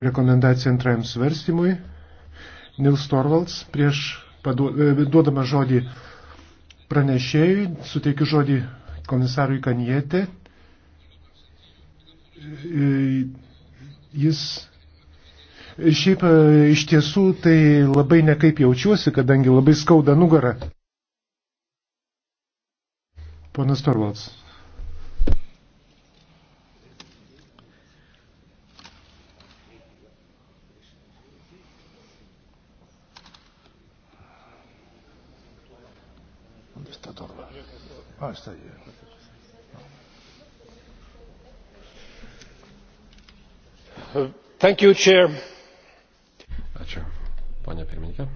rekomendacija antrajam svarstymui. Nils Torvalds, prieš e, duodama žodį pranešėjui, suteikiu žodį komisarui Kanietė. E, jis e, šiaip iš tiesų tai labai nekaip jaučiuosi, kadangi labai skauda nugarą. Ponas Torvalds. Oh, está ahí. No. Thank you, Chair. Ačiū, ponia pirmininkė.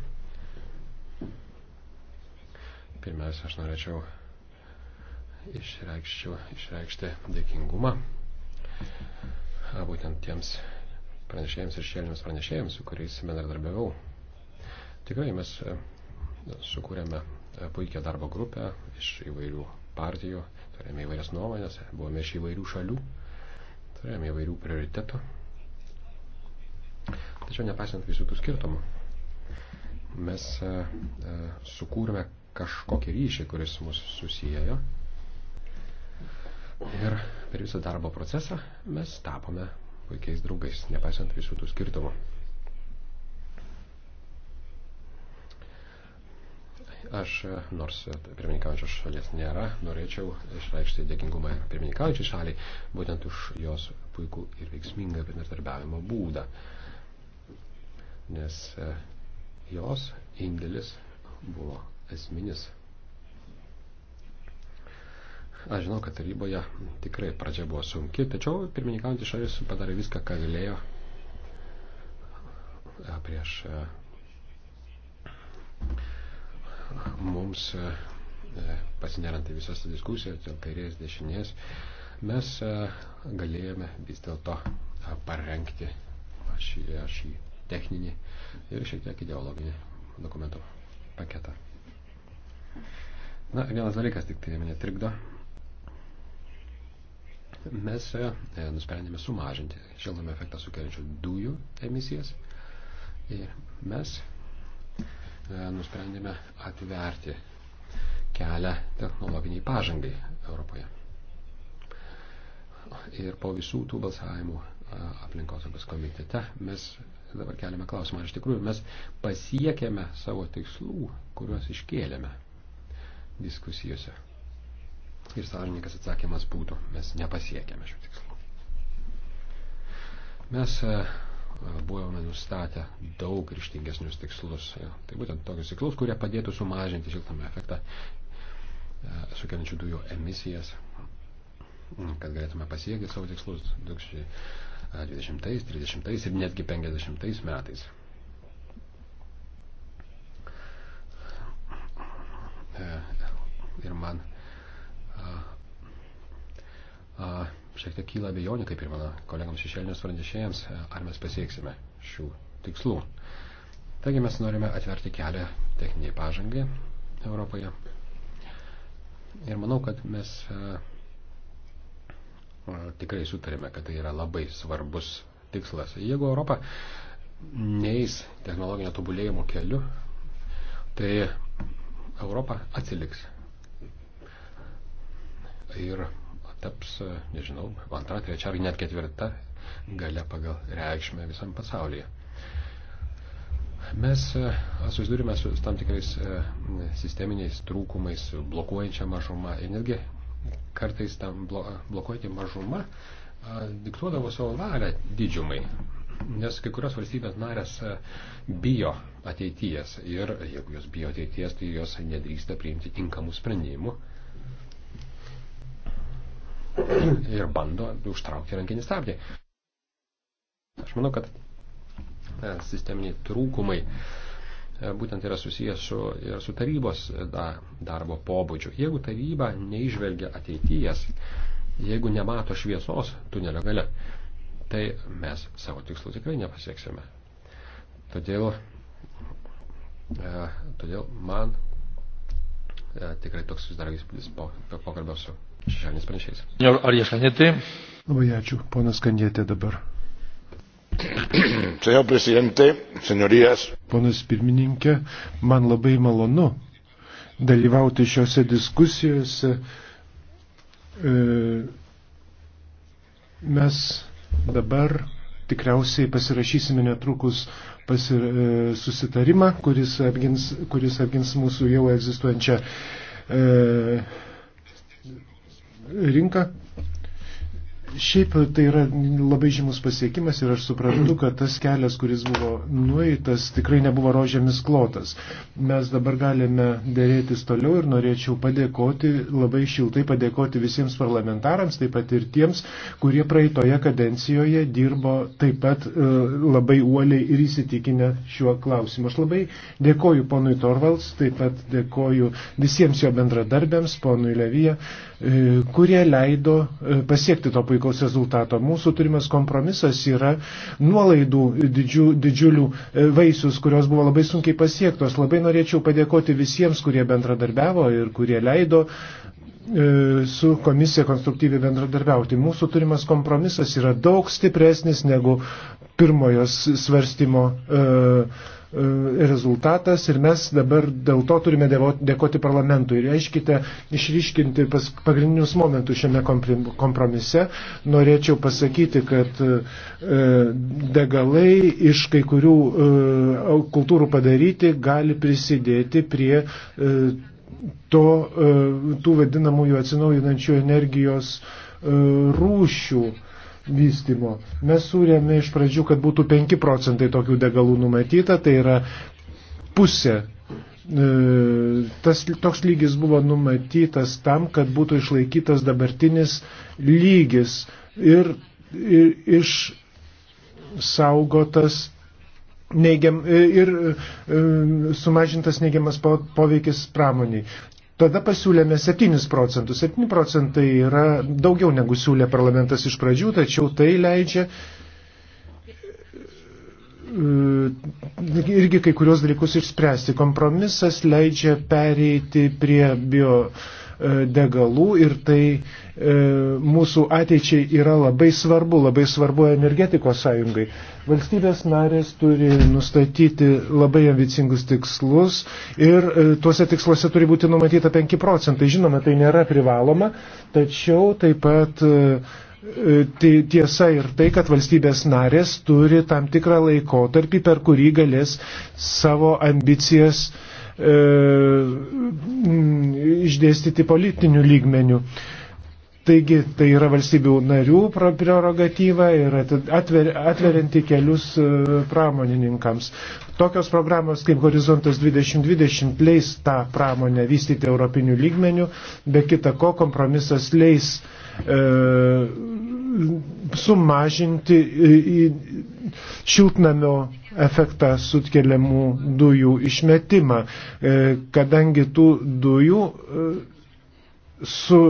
Pirmiausia, aš norėčiau išreikšti dėkingumą būtent tiems pranešėjams ir šėliniams pranešėjams, su kuriais bendradarbiavau. Tikrai mes sukūrėme puikią darbo grupę iš įvairių partijų, turėjome įvairias nuomonės, buvome iš įvairių šalių, turėjome įvairių prioritetų. Tačiau nepaisant visų tų skirtumų, mes e, e, sukūrėme kažkokį ryšį, kuris mus susijėjo. Ir per visą darbo procesą mes tapome puikiais draugais, nepaisant visų tų skirtumų. Aš, nors pirmininkaujančios šalies nėra, norėčiau išreikšti dėkingumą pirmininkaujančiai šaliai, būtent už jos puikų ir veiksmingą bendradarbiavimo būdą. Nes e, jos indėlis buvo esminis. Aš žinau, kad taryboje tikrai pradžia buvo sunki, tačiau pirmininkaujantys šalis padarė viską, ką galėjo e, prieš e, mums e, pasinerant į visas diskusijas dėl kairės dešinės, mes e, galėjome vis dėlto e, parengti šį, šį techninį ir šiek tiek ideologinį dokumentų paketą. Na, vienas dalykas tik tai mane trikdo. Mes e, nusprendėme sumažinti šiltnamio efektą sukeliančių dujų emisijas ir mes E, nusprendėme atverti kelią technologiniai pažangai Europoje. Ir po visų tų balsavimų e, aplinkosaugos komitete mes dabar keliame klausimą, ar iš tikrųjų mes pasiekėme savo tikslų, kuriuos iškėlėme diskusijose. Ir sąžininkas atsakymas būtų, mes nepasiekėme šių tikslų. Mes e, buvome nustatę daug ryštingesnius tikslus. Tai būtent tokius tikslus, kurie padėtų sumažinti šiltame efektą e, sukeliančių dujų emisijas, kad galėtume pasiekti savo tikslus 2020, 30 ir netgi 50 metais. E, ir man. Uh, uh, šiek tiek kyla abejonių, kaip ir mano kolegams šešėlinės pranešėjams, ar mes pasieksime šių tikslų. Taigi mes norime atverti kelią techniniai pažangai Europoje. Ir manau, kad mes e, e, tikrai sutarėme, kad tai yra labai svarbus tikslas. Jeigu Europa neįs technologinio tobulėjimo keliu, tai Europa atsiliks. Ir taps, e, nežinau, antra, trečia ar net ketvirta gale pagal reikšmę visam pasaulyje. Mes e, susidurime su tam tikrais e, sisteminiais trūkumais, blokuojančia mažuma ir netgi kartais tam blokuojanti mažuma diktuodavo savo valią didžiumai, nes kai kurios valstybės narės bijo ateities ir jeigu jos bijo ateities, tai jos nedrįsta priimti tinkamų sprendimų ir bando užtraukti rankinį stabdį. Aš manau, kad e, sisteminiai trūkumai e, būtent yra susijęs su, ir su tarybos e, da, darbo pobūdžiu. Jeigu taryba neižvelgia ateities, jeigu nemato šviesos tunelio gale, tai mes savo tikslų tikrai nepasieksime. Todėl, e, todėl man e, tikrai toks susidaro įspūdis po, po pokalbio su šešėlinis pranešėjas. Ar jie šanėtė? Labai ačiū, ponas Kandėtė dabar. Senor prezidente, senyorijas. Ponas pirmininkė, man labai malonu dalyvauti šiuose diskusijose. E, mes dabar tikriausiai pasirašysime netrukus pasir, e, susitarimą, kuris apgins, kuris apgins mūsų jau egzistuojančią e, rinką. Šiaip tai yra labai žymus pasiekimas ir aš suprantu, kad tas kelias, kuris buvo nueitas, tikrai nebuvo rožėmis klotas. Mes dabar galime dėrėtis toliau ir norėčiau padėkoti, labai šiltai padėkoti visiems parlamentarams, taip pat ir tiems, kurie praeitoje kadencijoje dirbo taip pat e, labai uoliai ir įsitikinę šiuo klausimu. Aš labai dėkoju ponui Torvalds, taip pat dėkoju visiems jo bendradarbėms, ponui Levyje. E, kurie leido e, pasiekti to puikaus rezultato. Mūsų turimas kompromisas yra nuolaidų didžių, didžiulių e, vaisius, kurios buvo labai sunkiai pasiektos. Labai norėčiau padėkoti visiems, kurie bendradarbiavo ir kurie leido su komisija konstruktyviai bendradarbiauti. Mūsų turimas kompromisas yra daug stipresnis negu pirmojos svarstymo uh, E, rezultatas ir mes dabar dėl to turime dėkoti parlamentui. Ir aiškite, išryškinti pas, pagrindinius momentus šiame kompromise. Norėčiau pasakyti, kad e, degalai iš kai kurių e, kultūrų padaryti gali prisidėti prie e, to, e, tų vadinamųjų atsinaujinančių energijos e, rūšių. E, vystimo. Mes surėmė iš pradžių, kad būtų 5 procentai tokių degalų numatyta, tai yra pusė. E, tas, toks lygis buvo numatytas tam, kad būtų išlaikytas dabartinis lygis ir, ir išsaugotas neigiam, ir e, sumažintas neigiamas poveikis pramoniai. Tada pasiūlėme 7 procentus. 7 procentai yra daugiau negu siūlė parlamentas iš pradžių, tačiau tai leidžia e, irgi kai kurios dalykus išspręsti. Kompromisas leidžia pereiti prie bio degalų ir tai e, mūsų ateičiai yra labai svarbu, labai svarbu energetikos sąjungai. Valstybės narės turi nustatyti labai ambicingus tikslus ir e, tuose tiksluose turi būti numatyta 5 procentai. Žinoma, tai nėra privaloma, tačiau taip pat e, tai tiesa ir tai, kad valstybės narės turi tam tikrą laikotarpį, per kurį galės savo ambicijas uh, E, mm, išdėstyti politinių lygmenių. Taigi tai yra valstybių narių prerogatyva ir atver, atverianti kelius e, pramonininkams. Tokios programos kaip Horizontas 2020 leis tą pramonę vystyti europinių lygmenių, be kita ko kompromisas leis e, sumažinti e, šiltnamio efektą sukeliamų dujų išmetimą, e, kadangi tų dujų e, su,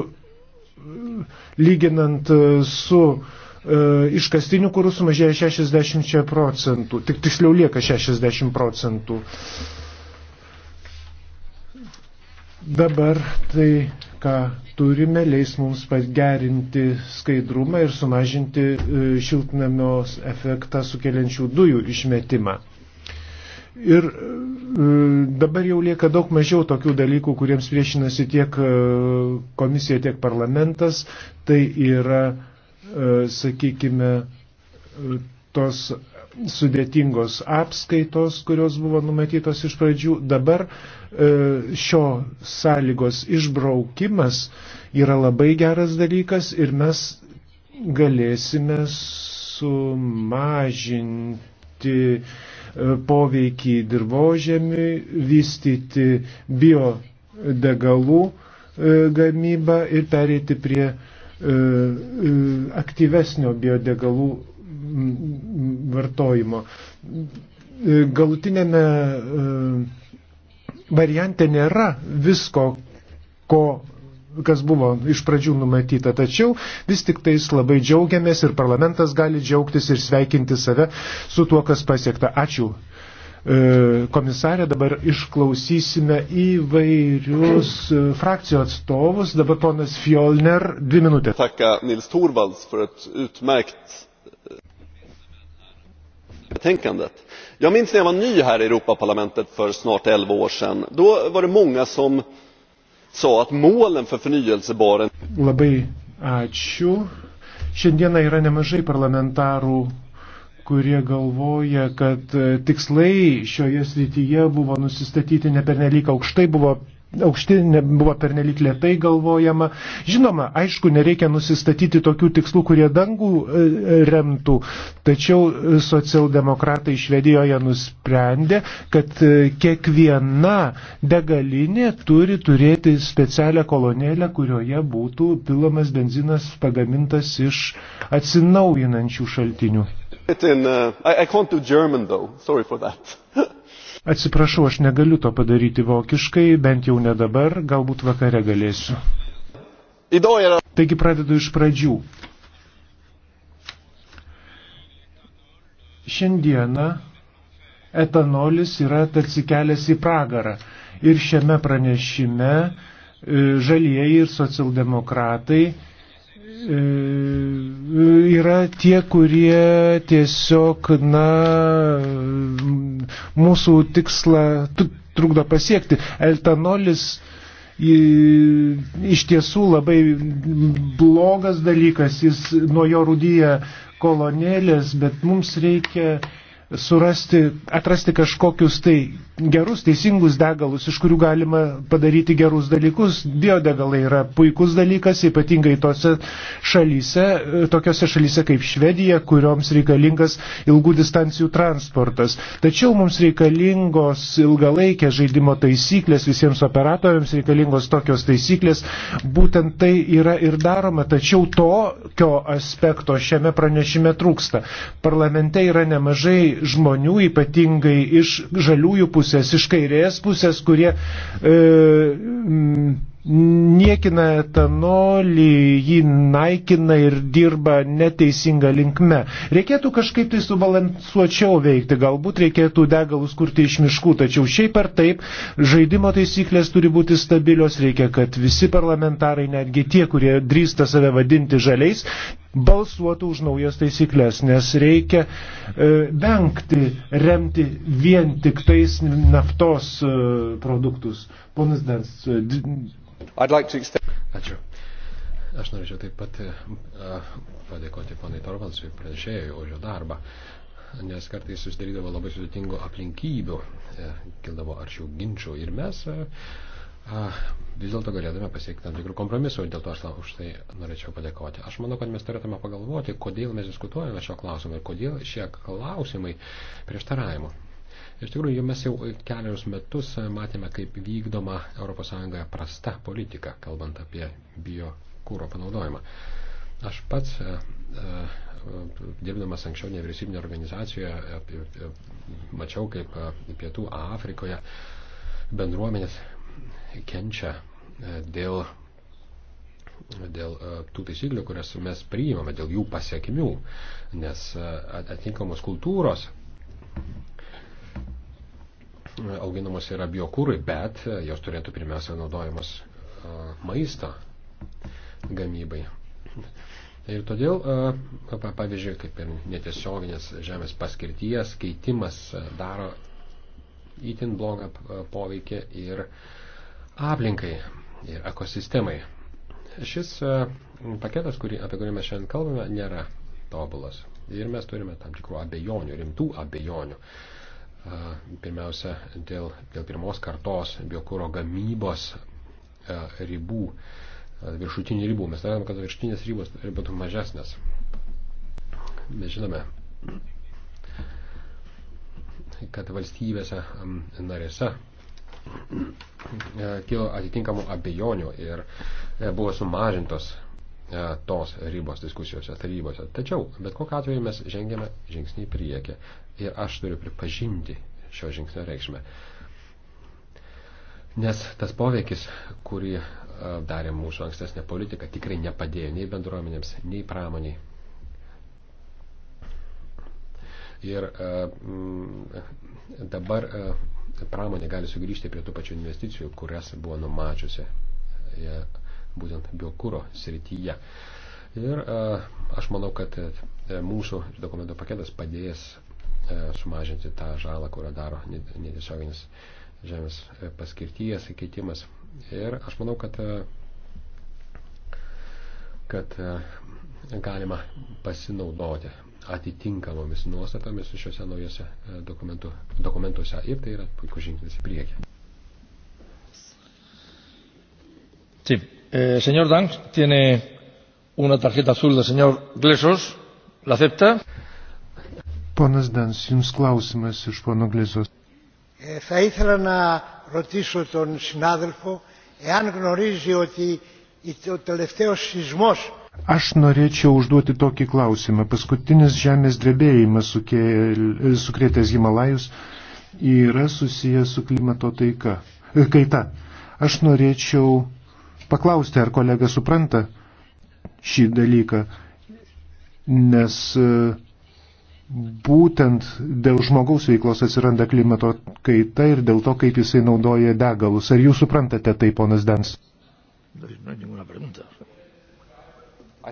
lyginant e, su iškastiniu kuru sumažėja 60 procentų, tik tiksliau lieka 60 procentų. Dabar tai, ką turime leis mums pagerinti skaidrumą ir sumažinti e, šiltnamio efektą sukeliančių dujų išmetimą. Ir e, dabar jau lieka daug mažiau tokių dalykų, kuriems priešinasi tiek e, komisija, tiek parlamentas. Tai yra, sakykime, tos sudėtingos apskaitos, kurios buvo numatytos iš pradžių. Dabar uh, E, šio sąlygos išbraukimas yra labai geras dalykas ir mes galėsime sumažinti e, poveikį dirbožėmiui, vystyti biodegalų e, gamybą ir pereiti prie aktyvesnio biodegalų vartojimo. Galutinėme variante nėra visko, ko kas buvo iš pradžių numatyta. Tačiau vis tik tais labai džiaugiamės ir parlamentas gali džiaugtis ir sveikinti save su tuo, kas pasiekta. Ačiū. E, komisarė, dabar išklausysime įvairius e, frakcijų atstovus. Dabar ponas Fjolner, dvi minutės. Taka Nils Torvalds for ett utmärkt eh, betänkandet. Jag minns när jag var ny här i Europaparlamentet för snart elva år sedan. Då var det många som sa att målen för förnyelsebaren... Labai ačiū. Šiandieną yra nemažai parlamentarų, kurie galvoja, kad e, tikslai šioje srityje buvo nusistatyti nepernelyg aukštai, buvo aukšti, nebuvo pernelyg lietai galvojama. Žinoma, aišku, nereikia nusistatyti tokių tikslų, kurie dangų e, e, remtų, tačiau e, socialdemokratai Švedijoje nusprendė, kad kiekviena degalinė turi turėti specialią kolonėlę, kurioje būtų pilamas benzinas pagamintas iš atsinaujinančių šaltinių. In, uh, I, I can't do German though, sorry for that. Atsiprašau, aš negaliu to padaryti vokiškai, bent jau ne dabar, galbūt vakare galėsiu. Taigi pradedu iš pradžių. Šiandieną etanolis yra tarsi kelias į pragarą. Ir šiame pranešime e, žalieji ir socialdemokratai E, yra tie, kurie tiesiog, na, mūsų tikslą trukdo pasiekti. Eltanolis iš tiesų labai blogas dalykas, jis nuo jo rūdyja kolonėlės, bet mums reikia surasti, atrasti kažkokius tai gerus, teisingus degalus, iš kurių galima padaryti gerus dalykus. Biodegalai yra puikus dalykas, ypatingai tose šalyse, tokiose šalyse kaip Švedija, kurioms reikalingas ilgų distancijų transportas. Tačiau mums reikalingos ilgalaikės žaidimo taisyklės, visiems operatoriams reikalingos tokios taisyklės. Būtent tai yra ir daroma, tačiau tokio aspekto šiame pranešime trūksta. Parlamente yra nemažai žmonių, ypatingai iš žaliųjų pusės pusės, iš kairės pusės, kurie e, niekina etanolį, jį naikina ir dirba neteisinga linkme. Reikėtų kažkaip tai subalansuočiau veikti, galbūt reikėtų degalus kurti iš miškų, tačiau šiaip ar taip žaidimo taisyklės turi būti stabilios, reikia, kad visi parlamentarai, netgi tie, kurie drįsta save vadinti žaliais, balsuotų už naujas taisyklės, nes reikia e, vengti remti vien tik tais naftos e, produktus. Ponas Dans. E, like extend... Ačiū. Aš norėčiau taip pat e, padėkoti panai Torvaldsui pranešėjui už jo darbą, nes kartais susidarydavo labai sudėtingų aplinkybių, e, kildavo aršių ginčių ir mes. A, e, vis dėlto galėtume pasiekti tam tikrų kompromisų, dėl to aš už tai norėčiau padėkoti. Aš manau, kad mes turėtume pagalvoti, kodėl mes diskutuojame šio klausimu ir kodėl šie klausimai prieštaravimo. Iš tikrųjų, mes jau kelius metus matėme, kaip vykdoma ES prasta politika, kalbant apie biokūro panaudojimą. Aš pats, e, e, dirbdamas anksčiau nevyriausybinė organizacijoje, e, mačiau, kaip Pietų Afrikoje bendruomenės kenčia e, dėl, dėl e, tų taisyklių, kurias mes priimame, dėl jų pasiekmių, nes e, atitinkamos kultūros auginamos yra biokūrai, bet jos turėtų pirmiausia naudojamos maisto gamybai. Ir todėl, pavyzdžiui, kaip ir netiesioginės žemės paskirties keitimas daro įtin blogą poveikį ir uh, aplinkai ir ekosistemai. Šis e, paketas, kurį, apie kurį mes šiandien kalbame, nėra tobulas. Ir mes turime tam tikrų abejonių, rimtų abejonių. E, pirmiausia, dėl, dėl pirmos kartos biokūro gamybos e, ribų, viršutinių ribų. Mes norime, kad viršutinės ribos būtų mažesnės. Mes žinome, kad valstybėse narėse E, kilo atitinkamų abejonių ir e, buvo sumažintos e, tos ribos diskusijose, tarybose. Tačiau, bet kokiu atveju mes žengėme žingsnį į priekį ir aš turiu pripažinti šio žingsnio reikšmę. Nes tas poveikis, kurį darė mūsų ankstesnė politika, tikrai nepadėjo nei bendruomenėms, nei pramoniai. Ir a, m, dabar a, pramonė gali sugrįžti prie tų pačių investicijų, kurias buvo numačiusi e, būtent biokūro srityje. Ir e, aš manau, kad e, mūsų dokumento paketas padės sumažinti tą žalą, kurią daro netiesioginis žemės paskirties keitimas. Ir aš manau, kad, kad galima pasinaudoti atitinkamomis nuostatomis šiuose naujose e, dokumentuose. Ir tai yra puikus žingsnis į priekį. Sí. Eh, señor Dank, tiene una tarjeta azul del señor Glesos. ¿La acepta? Ponas Dans, jums klausimas iš pono Glesos. Eh, θα ήθελα να ρωτήσω τον συνάδελφο εάν γνωρίζει ότι ο τελευταίος σεισμός Aš norėčiau užduoti tokį klausimą. Paskutinis žemės drebėjimas sukrėtęs Himalajus yra susijęs su klimato taika, kaita. Aš norėčiau paklausti, ar kolega supranta šį dalyką, nes e, būtent dėl žmogaus veiklos atsiranda klimato kaita ir dėl to, kaip jisai naudoja degalus. Ar jūs suprantate tai, ponas Dans? No, E,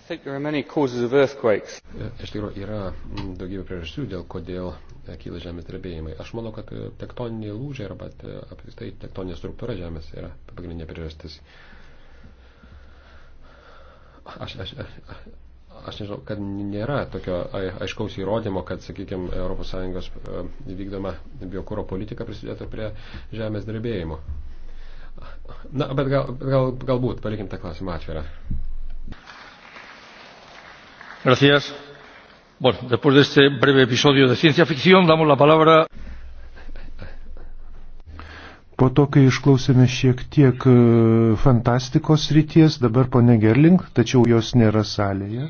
iš tikrųjų, yra daugybė priežasčių, dėl kodėl e, kyla žemės drebėjimai. Aš manau, kad e, tektoniniai lūžiai arba apskritai tektoninė struktūra žemės yra pagrindinė priežastis. Aš, aš, aš, aš nežinau, kad nėra tokio aiškaus įrodymo, kad, sakykime, ES vykdoma biokūro politika prisidėtų prie žemės drebėjimų. Na, bet gal, gal, galbūt palikim tą klausimą atvirą. Gracias. Bueno, después de este breve episodio de ciencia ficción, damos la palabra. Po to, kai išklausėme šiek tiek e, fantastikos ryties, dabar ponė Gerling, tačiau jos nėra salėje.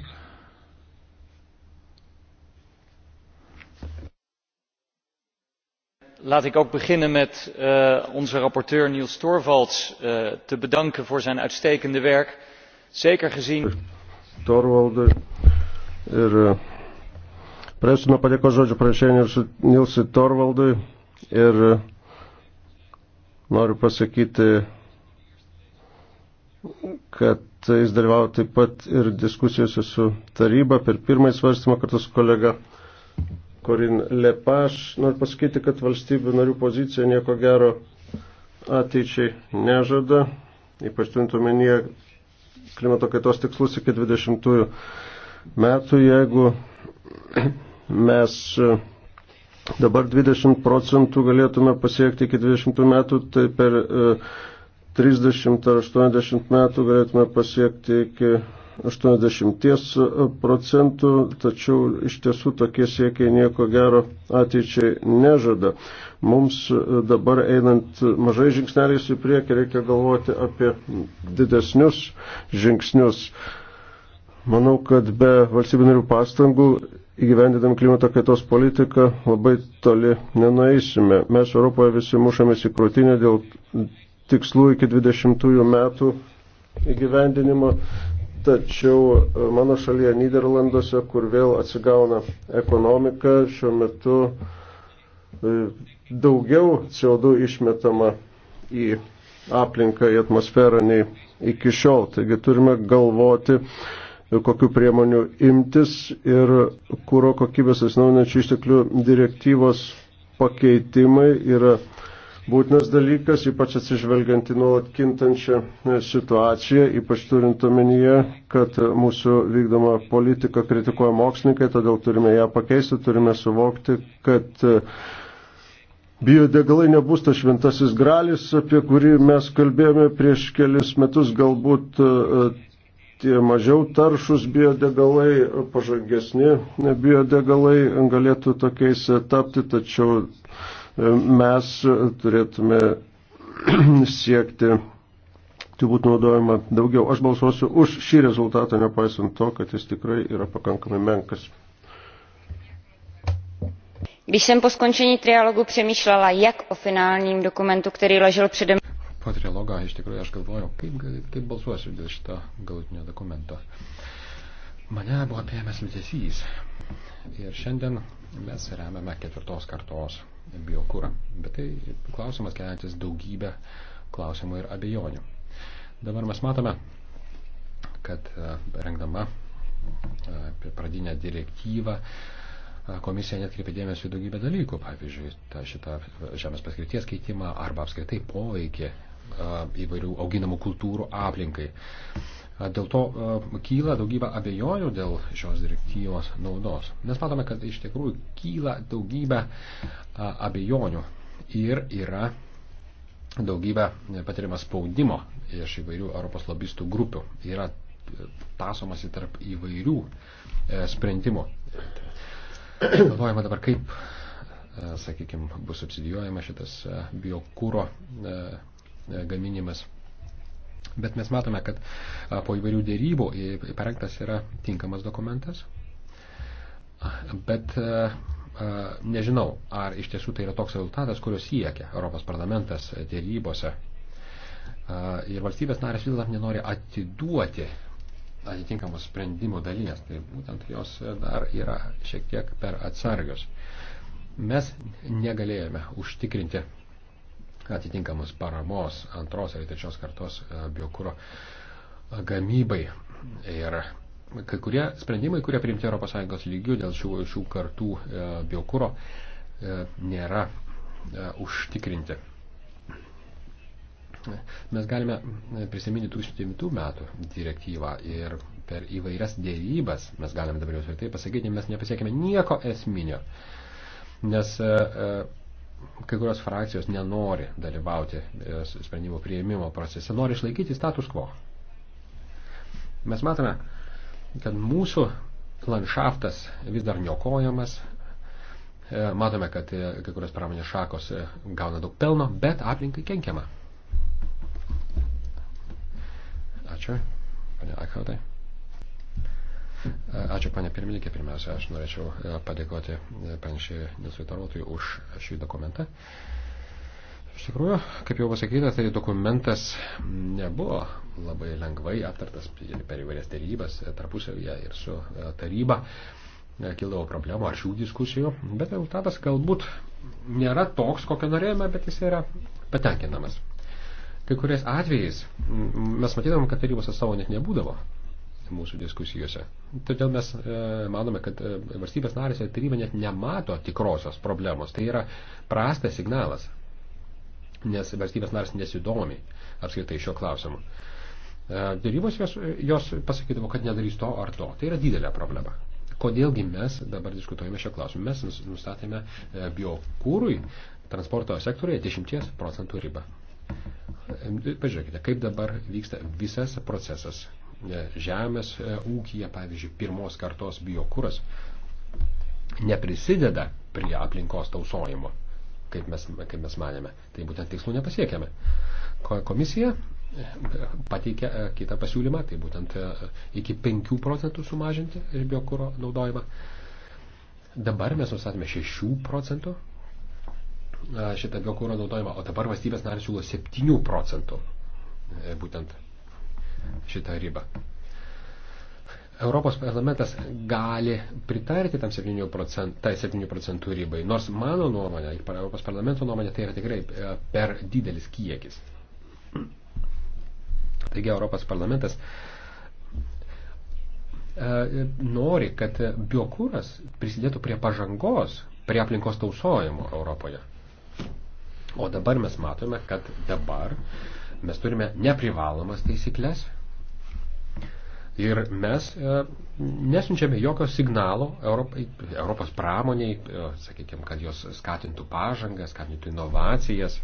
laat ik ook beginnen met uh, onze rapporteur Niels Torvalds uh, te bedanken voor zijn uitstekende werk. Zeker gezien. Torvalds ir e, praeisiu nuo padėko žodžių pranešėjų Nilsui Torvaldui ir e, noriu pasakyti, kad jis dalyvavo taip pat ir diskusijose su taryba per pirmąjį svarstymą kartu su kolega Korin Lepaš. Noriu pasakyti, kad valstybių narių pozicija nieko gero ateičiai nežada, ypač turintuomenyje klimato kaitos tikslus iki 20 metų, jeigu mes e, dabar 20 procentų galėtume pasiekti iki 20 metų, tai per 30 e, ar 80 metų galėtume pasiekti iki 80 procentų, tačiau iš tiesų tokie siekiai nieko gero ateičiai nežada. Mums e, dabar einant mažai žingsneliais į priekį reikia galvoti apie didesnius žingsnius. Manau, kad be valstybių narių pastangų įgyvendinam klimato kaitos politiką labai toli nenueisime. Mes Europoje visi mušamės į krūtinę dėl tikslų iki 20 metų įgyvendinimo, tačiau e, mano šalyje Niderlanduose, kur vėl atsigauna ekonomika, šiuo metu e, daugiau CO2 išmetama į aplinką, į atmosferą nei iki šiol. Taigi turime galvoti, kokiu priemoniu imtis ir kūro kokybės atsinaujinančių išteklių direktyvos pakeitimai yra būtinas dalykas, ypač atsižvelgiant į nuolat kintančią situaciją, ypač turint omenyje, kad mūsų vykdoma politika kritikuoja mokslininkai, todėl turime ją pakeisti, turime suvokti, kad Biodegalai nebus tas šventasis gralis, apie kurį mes kalbėjome prieš kelis metus, galbūt tie mažiau taršus biodegalai, pažangesni biodegalai galėtų tokiais tapti, tačiau e, mes turėtume siekti, tai būtų naudojama daugiau. Aš balsuosiu už šį rezultatą, nepaisant to, kad jis tikrai yra pakankamai menkas. Když jsem po skončení trialogu přemýšlela jak o finálním dokumentu, který ležel přede mnou, Po trilogo iš tikrųjų aš galvojau, kaip, kaip balsuosiu dėl šito galutinio dokumento. Mane buvo apėmęs liudesys. Ir šiandien mes remiame ketvirtos kartos biokūrą. Bet tai klausimas keliantis daugybę klausimų ir abejonių. Dabar mes matome, kad e, rengdama e, pradinę direktyvą e, komisija netkreipė dėmesio į daugybę dalykų, pavyzdžiui, tą, šitą žemės paskirties keitimą arba apskritai poveikį įvairių auginamų kultūrų aplinkai. Dėl to kyla daugybė abejonių dėl šios direktyvos naudos. Mes matome, kad iš tikrųjų kyla daugybė abejonių ir yra daugybė patiriamas spaudimo iš įvairių Europos lobistų grupių. Yra tasomasi tarp įvairių e, sprendimų. Galvojame dabar, kaip, e, sakykime, bus subsidijuojama šitas e, biokūro E, gaminimas. Bet mes matome, kad po įvairių dėrybų parengtas yra tinkamas dokumentas. Bet e, nežinau, ar iš tiesų tai yra toks rezultatas, kurio siekia Europos parlamentas dėrybose. Ir valstybės narės vis dar nenori atiduoti atitinkamos sprendimo dalies. Tai būtent jos dar yra šiek tiek per atsargios. Mes negalėjome užtikrinti atitinkamus paramos antros ir trečios kartos e, biokūro gamybai. Ir kai kurie sprendimai, kurie priimti ES lygių dėl šių, šių kartų e, biokūro, e, nėra užtikrinti. Mes galime prisiminti 2009 metų direktyvą ir per įvairias dėrybas, mes galime dabar jau tai pasakyti, mes nepasiekime nieko esminio. Nes uh, kai kurios frakcijos nenori dalyvauti e, sprendimo prieimimo procese, nori išlaikyti status quo. Mes matome, kad mūsų landšaftas vis dar niokojamas, e, matome, kad e, kai kurios pramonės šakos gauna daug pelno, bet aplinkai kenkiama. Ačiū, pane Akhautai. Ačiū, panė pirmininkė. Pirmiausia, aš norėčiau e, padėkoti e, panšį nesvitaruotojų už šį dokumentą. Iš tikrųjų, kaip jau pasakyta, tai dokumentas nebuvo labai lengvai aptartas per įvairias dėrybas e, tarpusavyje ir su taryba. Kildavo problemų ar šių diskusijų, bet rezultatas galbūt nėra toks, kokio norėjome, bet jis yra patenkinamas. Kai kuriais atvejais mes matydavom, kad tarybos atstovo net nebūdavo mūsų diskusijose. Todėl mes e, manome, kad e, valstybės narės ir taryba net nemato tikrosios problemos. Tai yra prastas signalas, nes valstybės narės nesidomi apskritai šio klausimu. E, Dėrybos jos, jos pasakydavo, kad nedarys to ar to. Tai yra didelė problema. Kodėlgi mes dabar diskutuojame šio klausimu? Mes nustatėme e, biokūrui transporto sektoriuje 10 procentų ribą. E, pažiūrėkite, kaip dabar vyksta visas procesas. E, žemės e, ūkija, pavyzdžiui, pirmos kartos biokuras, neprisideda prie aplinkos tausojimo, kaip mes, kaip mes manėme. Tai būtent tikslų nepasiekėme. Komisija e, pateikė kitą pasiūlymą, tai būtent iki 5 procentų sumažinti biokuro naudojimą. Dabar mes nustatėme 6 procentų šitą biokūro naudojimą, o dabar valstybės narės siūlo 7 procentų būtent šitą ribą. Europos parlamentas gali pritarti tam 7 procentų, tai 7 procentų ribai, nors mano nuomonė ir Europos parlamento nuomonė tai yra tikrai e, per didelis kiekis. Taigi Europos parlamentas e, nori, kad biokūras prisidėtų prie pažangos, prie aplinkos tausojimo Europoje. O dabar mes matome, kad dabar uh, Mes turime neprivalomas taisyklės ir mes e, nesunčiame jokio signalo Europai, Europos pramoniai, e, sakykime, kad jos skatintų pažangą, skatintų inovacijas.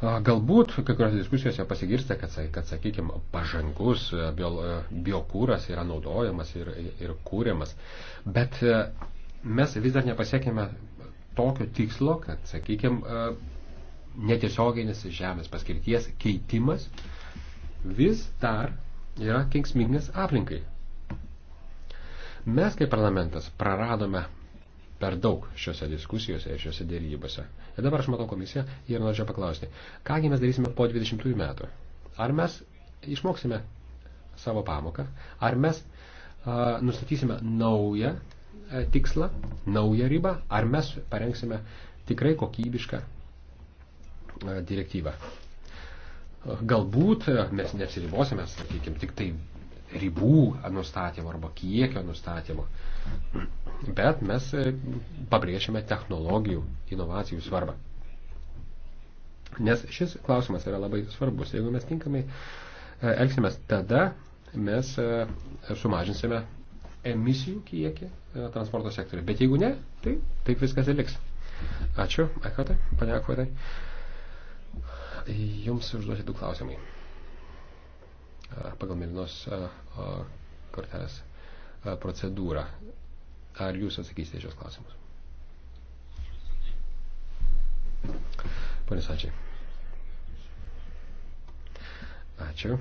Galbūt kai kuriuose diskusijose pasigirsta, kad, kad sakykime, pažangus e, biokūras bio yra naudojamas ir, ir kūriamas, bet mes vis dar nepasiekime tokio tikslo, kad, sakykime, netiesioginis žemės paskirties keitimas vis dar yra kenksmingas aplinkai. Mes kaip parlamentas praradome per daug šiuose diskusijose ir šiuose dėrybose. Ir dabar aš matau komisiją ir norėčiau paklausti, kągi mes darysime po 20 metų? Ar mes išmoksime savo pamoką, ar mes a, nustatysime naują a, tikslą, naują ribą, ar mes parengsime tikrai kokybišką E, direktyvą. Galbūt mes neapsiribosime, sakykime, tik tai ribų nustatymo arba kiekio nustatymo, bet mes e, pabrėšime technologijų, inovacijų svarbą. Nes šis klausimas yra labai svarbus. Jeigu mes tinkamai e, elgsimės, tada mes sumažinsime emisijų kiekį transporto sektoriuje. Bet jeigu ne, tai taip viskas ir liks. Ačiū, Ekotai, pane Ekotai. Jums užduoti du klausimai. Pagal Milinos kortelės procedūrą. Ar jūs atsakysite šios klausimus? Pane Sačiai. Ačiū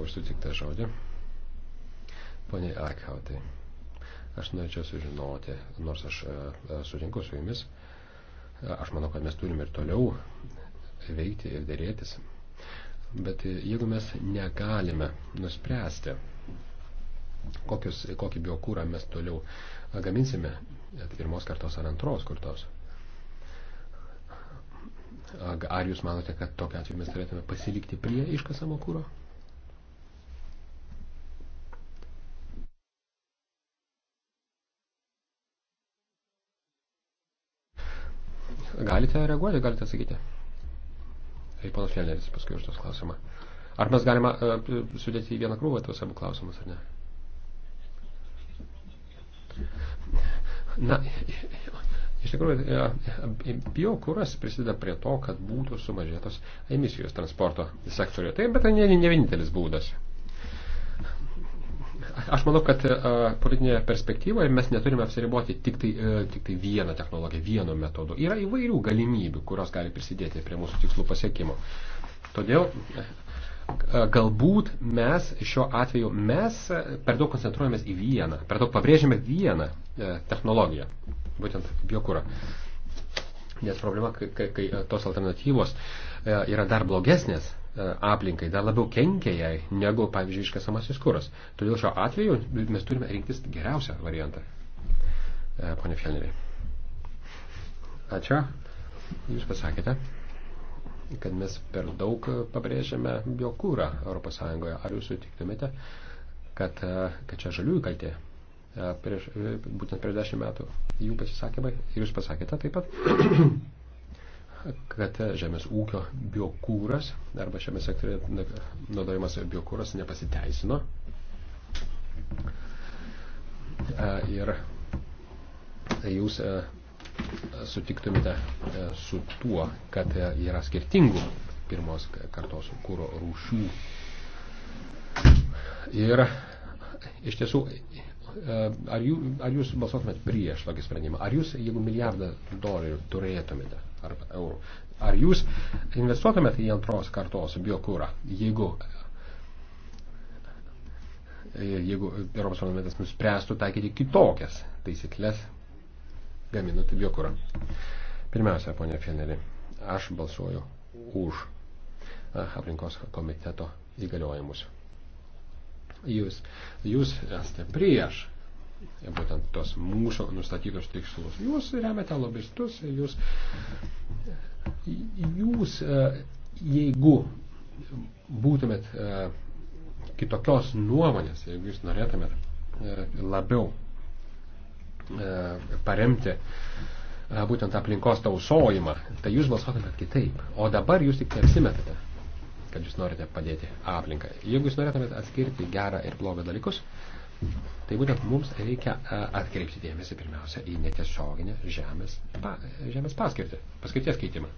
už sutiktą žodį. Pane Akhautai, aš norėčiau sužinoti, nors aš sutinku su jumis, aš manau, kad mes turime ir toliau veikti ir dėrėtis. Bet e, jeigu mes negalime nuspręsti, kokius, kokį biokūrą mes toliau e, gaminsime, e, pirmos kartos ar antros kartos, ar jūs manote, kad tokiu atveju mes turėtume pasilikti prie iškasamo kūro? Galite reaguoti, galite sakyti. Tai panas Fjellneris paskui už tos klausimą. Ar mes galima uh, sudėti į vieną krūvą tuos abu klausimus, ar ne? Na, iš tikrųjų, e, e, biokuras prisideda prie to, kad būtų sumažėtos emisijos transporto sektoriuje. Taip, bet tai ne, ne vienintelis būdas. Aš manau, kad e, politinėje perspektyvoje mes neturime apsiriboti tik tai, e, tik tai vieną technologiją, vieno metodo. Yra įvairių galimybių, kurios gali prisidėti prie mūsų tikslų pasiekimo. Todėl e, galbūt mes šiuo atveju mes per daug koncentruojamės į vieną, per daug pabrėžiame vieną technologiją, būtent biokūrą. Nes problema, kai, kai, kai tos alternatyvos yra dar blogesnės, E, aplinkai, dar labiau kenkia jai negu, pavyzdžiui, iškasamasis kuras. Todėl šio atveju mes turime rinktis geriausią variantą. E, pone Fjellneriai. Ačiū. Jūs pasakėte, kad mes per daug pabrėžiame biokūrą ES. Ar jūs sutiktumėte, kad, e, kad čia žaliųjų kaltė? Prieš, būtent prieš dešimt metų jų pasisakymai. Ir jūs pasakėte taip pat, kad žemės ūkio biokūras arba šiame sektorėje naudojamas biokūras nepasiteisino. Ir jūs sutiktumėte su tuo, kad yra skirtingų pirmos kartos kūro rūšių. Ir iš tiesų ar, jų, ar jūs balsuotumėt prieš tokį sprendimą? Ar jūs, jeigu milijardą dolerių turėtumėte, ar eurų. Ar jūs investuotumėte į antros kartos biokūrą, jeigu, e, jeigu Europos parlamentas nuspręstų taikyti kitokias taisyklės gaminant biokūrą? Pirmiausia, ponė Fenerį, aš balsuoju už e, aplinkos komiteto įgaliojimus. Jūs, jūs esate prieš būtent tos mūsų nustatytus tikslus. Jūs remiate lobistus, jūs, jūs e, jeigu būtumėt e, kitokios nuomonės, jeigu jūs norėtumėt e, labiau paremti būtent aplinkos tausojimą, tai jūs balsuotumėt kitaip. O dabar jūs tik apsimetate, kad jūs norite padėti aplinkai. Jeigu jūs norėtumėt atskirti gerą ir blogą dalykus, Tai būtent mums reikia e, atkreipti dėmesį pirmiausia į netiesioginę žemės, pa, žemės paskirtį, paskirties keitimą.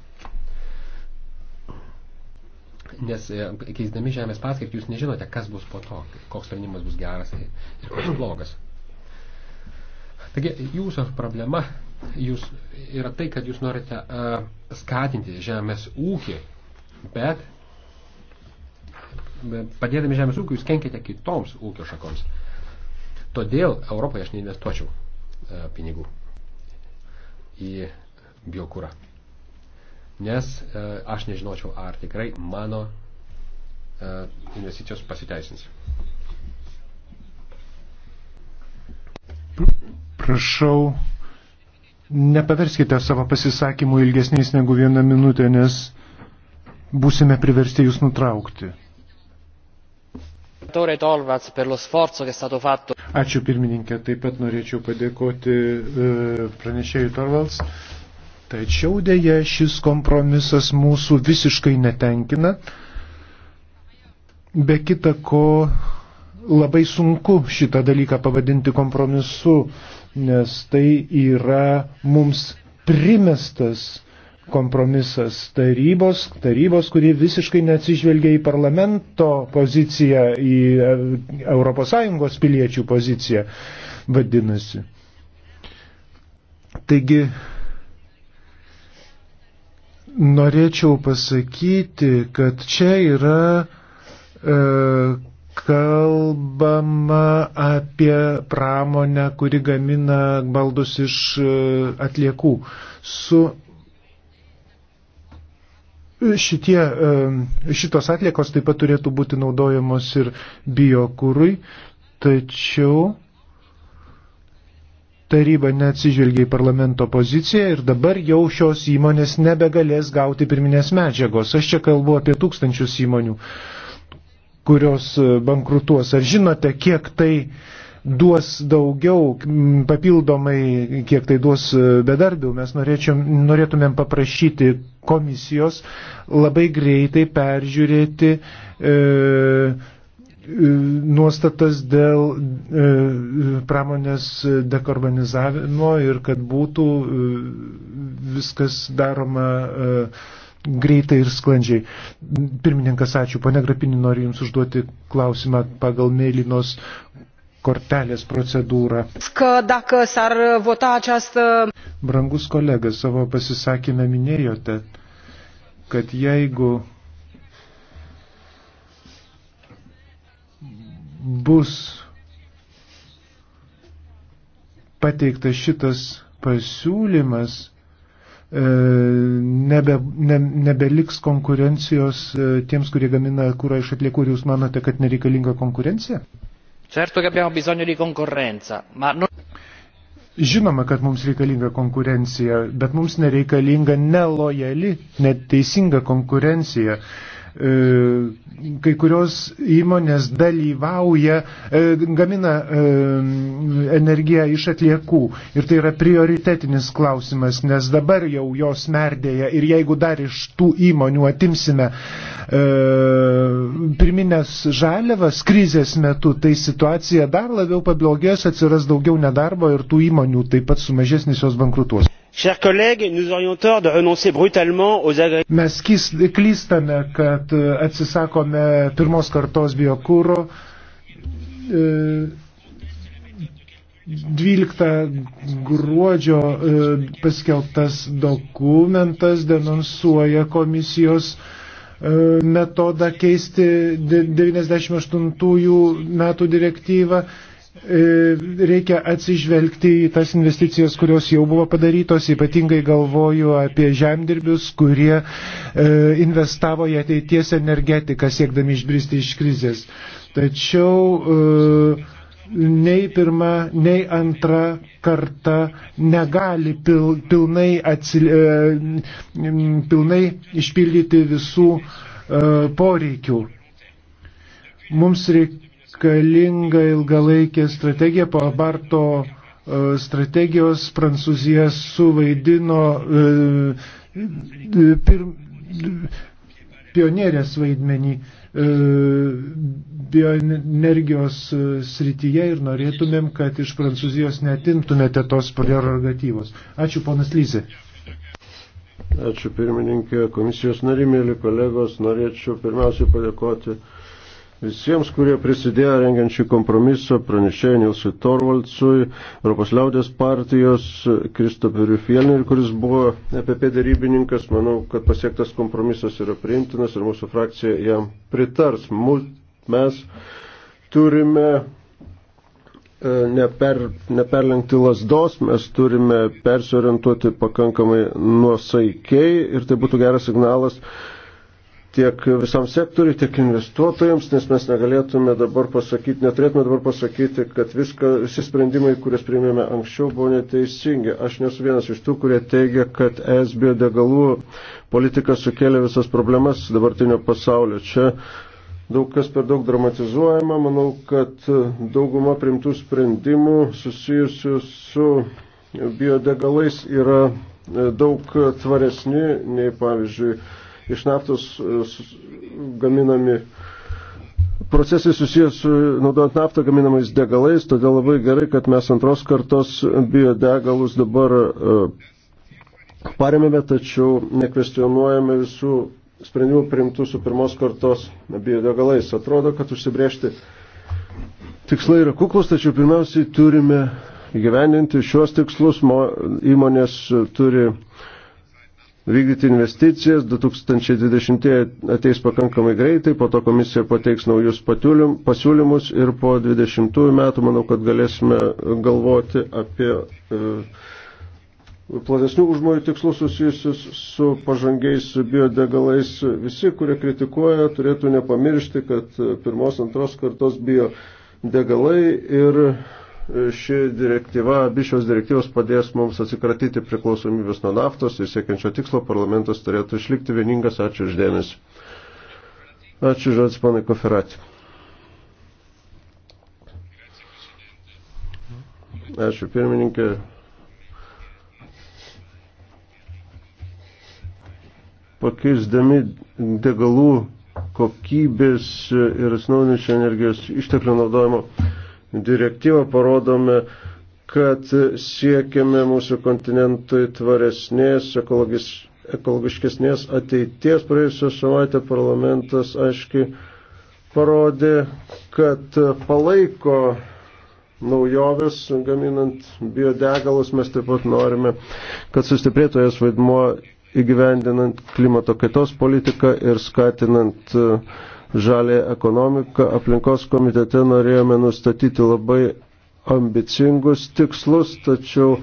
Nes e, keisdami žemės paskirtį jūs nežinote, kas bus po to, koks sprendimas bus geras ir koks blogas. Taigi jūsų problema jūs, yra tai, kad jūs norite uh, skatinti žemės ūkį, bet padėdami žemės ūkiui jūs kenkite kitoms ūkio šakoms. Uh, Todėl Europoje aš neinvestuočiau e, pinigų į biokūrą. Nes e, aš nežinočiau, ar tikrai mano e, investicijos pasiteisins. Prašau, nepaverskite savo pasisakymų ilgesniais negu vieną minutę, nes būsime priversti jūs nutraukti relatore Tolvats per lo sforzo che è stato fatto. Ačiū pirmininkė, taip pat norėčiau padėkoti e, pranešėjui Tolvats. Tačiau dėja šis kompromisas mūsų visiškai netenkina. Be kita ko, labai sunku šitą dalyką pavadinti kompromisu, nes tai yra mums primestas kompromisas tarybos, tarybos, kuri visiškai neatsižvelgia į parlamento poziciją, į ES piliečių poziciją vadinasi. Taigi, norėčiau pasakyti, kad čia yra e, kalbama apie pramonę, kuri gamina baldus iš e, atliekų. Su Šitie, e, šitos atliekos taip pat turėtų būti naudojamos ir biokūrui, tačiau taryba neatsižvelgia į parlamento poziciją ir dabar jau šios įmonės nebegalės gauti pirminės medžiagos. Aš čia kalbu apie tūkstančius įmonių, kurios e, bankrutuos. Ar žinote, kiek tai duos daugiau papildomai, kiek tai duos e, bedarbių? Mes norėčiau, norėtumėm paprašyti komisijos labai greitai peržiūrėti e, e, nuostatas dėl e, pramonės dekarbonizavimo ir kad būtų e, viskas daroma e, greitai ir sklandžiai. Pirmininkas, ačiū. Pane Grapinį, noriu Jums užduoti klausimą pagal mėlynos kortelės procedūrą. Brangus kolega, savo pasisakymę minėjote, kad jeigu bus pateiktas šitas pasiūlymas, e, nebe, ne, nebeliks konkurencijos e, tiems, kurie gamina kūrą iš atliekų ir jūs manote, kad nereikalinga konkurencija? Certo che abbiamo bisogno di concorrenza, ma non... Žinoma, kad mums reikalinga konkurencija, bet mums nereikalinga nelojali, neteisinga konkurencija. E, kai kurios įmonės dalyvauja, e, gamina e, energiją iš atliekų. Ir tai yra prioritetinis klausimas, nes dabar jau jos merdėja ir jeigu dar iš tų įmonių atimsime pirminės žaliavas krizės metu, tai situacija dar labiau pablogės, atsiras daugiau nedarbo ir tų įmonių taip pat sumažės, nes jos bankrutuos. Chers collègues, nous aurions tort de renoncer brutalement aux agriculteurs. Mes kys, klystame, kad e, atsisakome pirmos kartos biokūro. 12 e, gruodžio e, paskelbtas dokumentas denonsuoja komisijos metodą keisti 98 metų direktyvą E, reikia atsižvelgti į tas investicijas, kurios jau buvo padarytos, ypatingai galvoju apie žemdirbius, kurie e, investavo į ateities energetiką, siekdami išbristi iš krizės. Tačiau e, nei pirma, nei antra karta negali pil, pilnai, atsil, pilnai išpildyti visų poreikių. Mums reikia reikalinga ilgalaikė strategija. Po Barto e, strategijos Prancūzija suvaidino e, pir, pionierės vaidmenį e, bioenergijos srityje ir norėtumėm, kad iš Prancūzijos netintumėte tos prerogatyvos. Ačiū, ponas Lyze. Ačiū, pirmininkė, komisijos narimėlį kolegos. Norėčiau pirmiausiai padėkoti Visiems, kurie prisidėjo rengiant šį kompromisą, pranešėjai Nilsui Torvaldsui, Europos liaudės partijos, Kristoperiu Fielneriu, kuris buvo EPP darybininkas, manau, kad pasiektas kompromisas yra priimtinas ir mūsų frakcija jam pritars. Mes turime e, neper, neperlengti lasdos, mes turime persiorientuoti pakankamai nuosaikiai ir tai būtų geras signalas tiek visam sektoriui, tiek investuotojams, nes mes negalėtume dabar pasakyti, neturėtume dabar pasakyti, kad viską, visi sprendimai, kuriuos priėmėme anksčiau, buvo neteisingi. Aš nesu vienas iš tų, kurie teigia, kad ES biodegalų politika sukėlė visas problemas dabartinio pasaulio. Čia daug kas per daug dramatizuojama. Manau, kad dauguma primtų sprendimų susijusių su biodegalais yra daug tvaresni nei, pavyzdžiui, iš naftos e, gaminami procesai susijęs su naudojant naftą gaminamais degalais, todėl labai gerai, kad mes antros kartos biodegalus dabar e, paremėme, tačiau nekvestionuojame visų sprendimų priimtų su pirmos kartos biodegalais. Atrodo, kad užsibriežti tikslai yra kuklus, tačiau pirmiausiai turime gyveninti šios tikslus. Įmonės turi uh, vykdyti investicijas, 2020 ateis pakankamai greitai, po to komisija pateiks naujus pasiūlymus ir po 20 metų manau, kad galėsime galvoti apie e, platesnių užmojų tikslus susijusius su pažangiais biodegalais. Visi, kurie kritikuoja, turėtų nepamiršti, kad pirmos, antros kartos biodegalai ir ši direktyva, abi šios direktyvos padės mums atsikratyti priklausomybės nuo naftos ir siekiančio tikslo parlamentas turėtų išlikti vieningas. Ačiū uždėmesi. Ačiū žodis panai koferatį. Ačiū pirmininkė. Pakeisdami degalų kokybės ir atsinaujinančio energijos išteklių naudojimo direktyvą parodome, kad siekiame mūsų kontinentui tvaresnės, ekologis, ekologiškesnės ateities. Praėjusią savaitę parlamentas aiškiai parodė, kad palaiko naujoves gaminant biodegalus. Mes taip pat norime, kad sustiprėtų jas vaidmuo įgyvendinant klimato kaitos politiką ir skatinant uh, žalė ekonomika. Aplinkos komitete norėjome nustatyti labai ambicingus tikslus, tačiau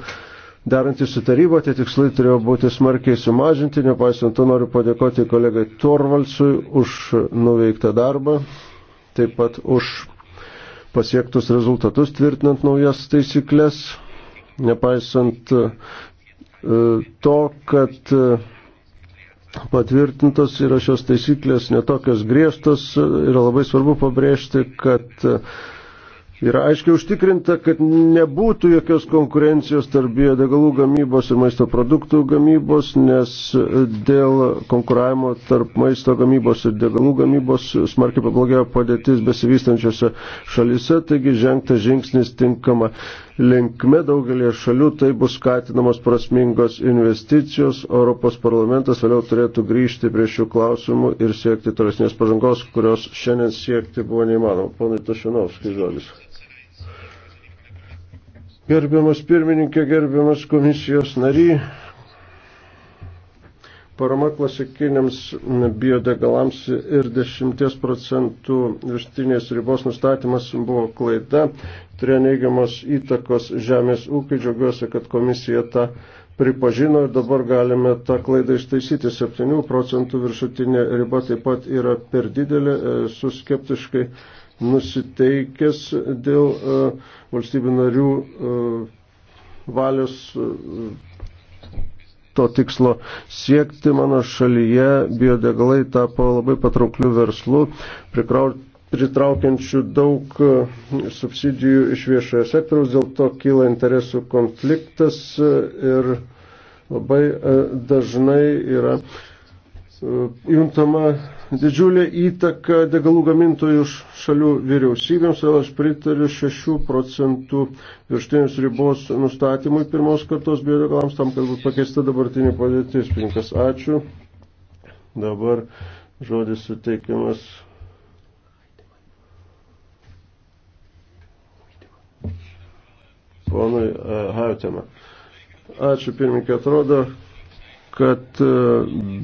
derantys su taryba, tie tikslai turėjo būti smarkiai sumažinti. Nepaisant to noriu padėkoti kolegai Torvalsui už nuveiktą darbą, taip pat už pasiektus rezultatus tvirtinant naujas taisyklės. Nepaisant e, to, kad e, patvirtintos yra šios taisyklės netokios griežtos. Yra labai svarbu pabrėžti, kad yra aiškiai užtikrinta, kad nebūtų jokios konkurencijos tarp biodegalų gamybos ir maisto produktų gamybos, nes dėl konkuravimo tarp maisto gamybos ir degalų gamybos smarkiai pablogėjo padėtis besivystančiose šalise, taigi žengta žingsnis tinkama linkme daugelie šalių, tai bus skatinamos prasmingos investicijos. Europos parlamentas vėliau turėtų grįžti prie šių klausimų ir siekti tolesnės pažangos, kurios šiandien siekti buvo neįmanoma. Ponai Tošinovskai žodis. Gerbiamas pirmininkė, gerbiamas komisijos nary, parama klasikiniams biodegalams ir 10 procentų virštinės ribos nustatymas buvo klaida turėjo neigiamos įtakos žemės ūkiai. Džiaugiuosi, kad komisija tą pripažino ir dabar galime tą klaidą ištaisyti. 7 procentų viršutinė riba taip pat yra per didelė, esu skeptiškai nusiteikęs dėl e, valstybių narių e, valios e, to tikslo siekti. Mano šalyje biodegalai tapo labai patraukliu verslu, prikrauti pritraukiančių daug e, subsidijų iš viešojo sektoriaus, dėl to kyla interesų konfliktas e, ir labai e, dažnai yra juntama didžiulė įtaka degalų gamintojų šalių vyriausybėms, todėl aš pritariu 6 procentų virštinės ribos nustatymui pirmos kartos biodegalams, tam, kad būtų pakeista dabartinė padėtis. Pinkas, ačiū. Dabar žodis suteikiamas ponui e, Hautema. Ačiū pirmininkė, atrodo, kad e,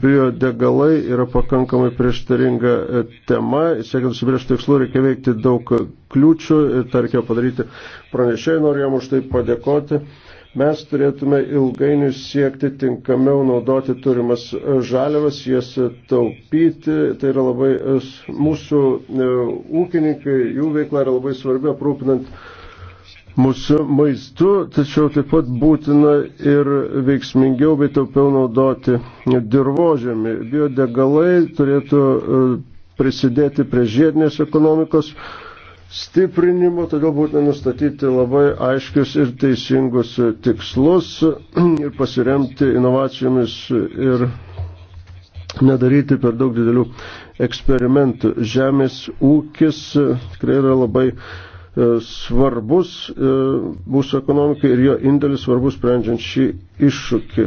biodegalai yra pakankamai prieštaringa e, tema. Siekiant užsibriežti tikslų, reikia veikti daug kliūčių ir tą reikėjo padaryti pranešėjai, noriu jam už tai padėkoti. Mes turėtume ilgainiui siekti tinkamiau naudoti turimas žaliavas, jas taupyti. Tai yra labai mūsų ūkininkai, jų veikla yra labai svarbi aprūpinant mūsų maistu, tačiau taip pat būtina ir veiksmingiau bei taupiau naudoti dirbožėmį. Biodegalai turėtų e, prisidėti prie žiedinės ekonomikos stiprinimo, todėl būtina nustatyti labai aiškius ir teisingus tikslus ir pasiremti inovacijomis ir nedaryti per daug didelių eksperimentų. Žemės ūkis tikrai yra labai E, svarbus e, mūsų ekonomikai ir jo indėlis svarbus sprendžiant šį iššūkį.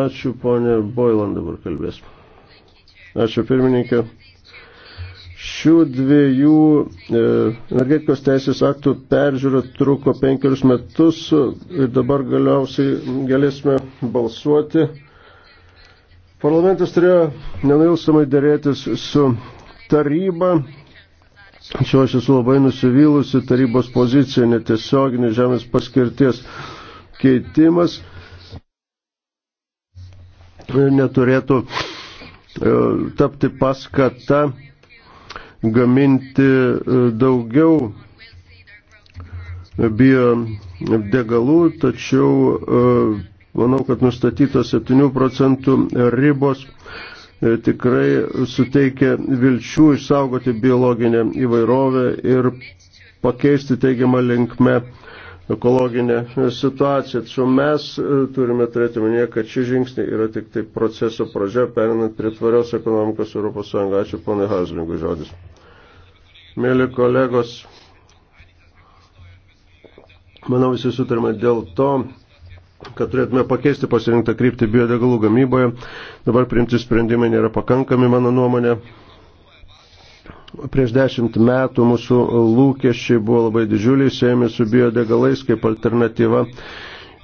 Ačiū, ponė Boiland dabar kalbės. Ačiū, pirmininkė. Šių dviejų e, energetikos teisės aktų peržiūra truko penkerius metus ir dabar galiausiai galėsime balsuoti. Parlamentas turėjo nenuilsamai dėrėtis su taryba Čia aš esu labai nusivylusi tarybos pozicija, netiesioginė žemės paskirties keitimas neturėtų e, tapti paskata gaminti e, daugiau bio degalų, tačiau e, manau, kad nustatytos 7 procentų ribos E, tikrai suteikia vilčių išsaugoti biologinę įvairovę ir pakeisti teigiamą linkmę ekologinę situaciją. Tačiau mes e, turime turėti minėję, kad šie žingsniai yra tik tai proceso pradžia, perinant prie tvarios ekonomikos Europos Sąjungą. Ačiū, ponai Hazlingui, žodis. Mėly kolegos, manau, visi sutarime dėl to, kad turėtume pakeisti pasirinktą kryptį biodegalų gamyboje. Dabar priimti sprendimai nėra pakankami, mano nuomonė. Prieš dešimt metų mūsų lūkesčiai buvo labai didžiuliai, siejami su biodegalais kaip alternatyva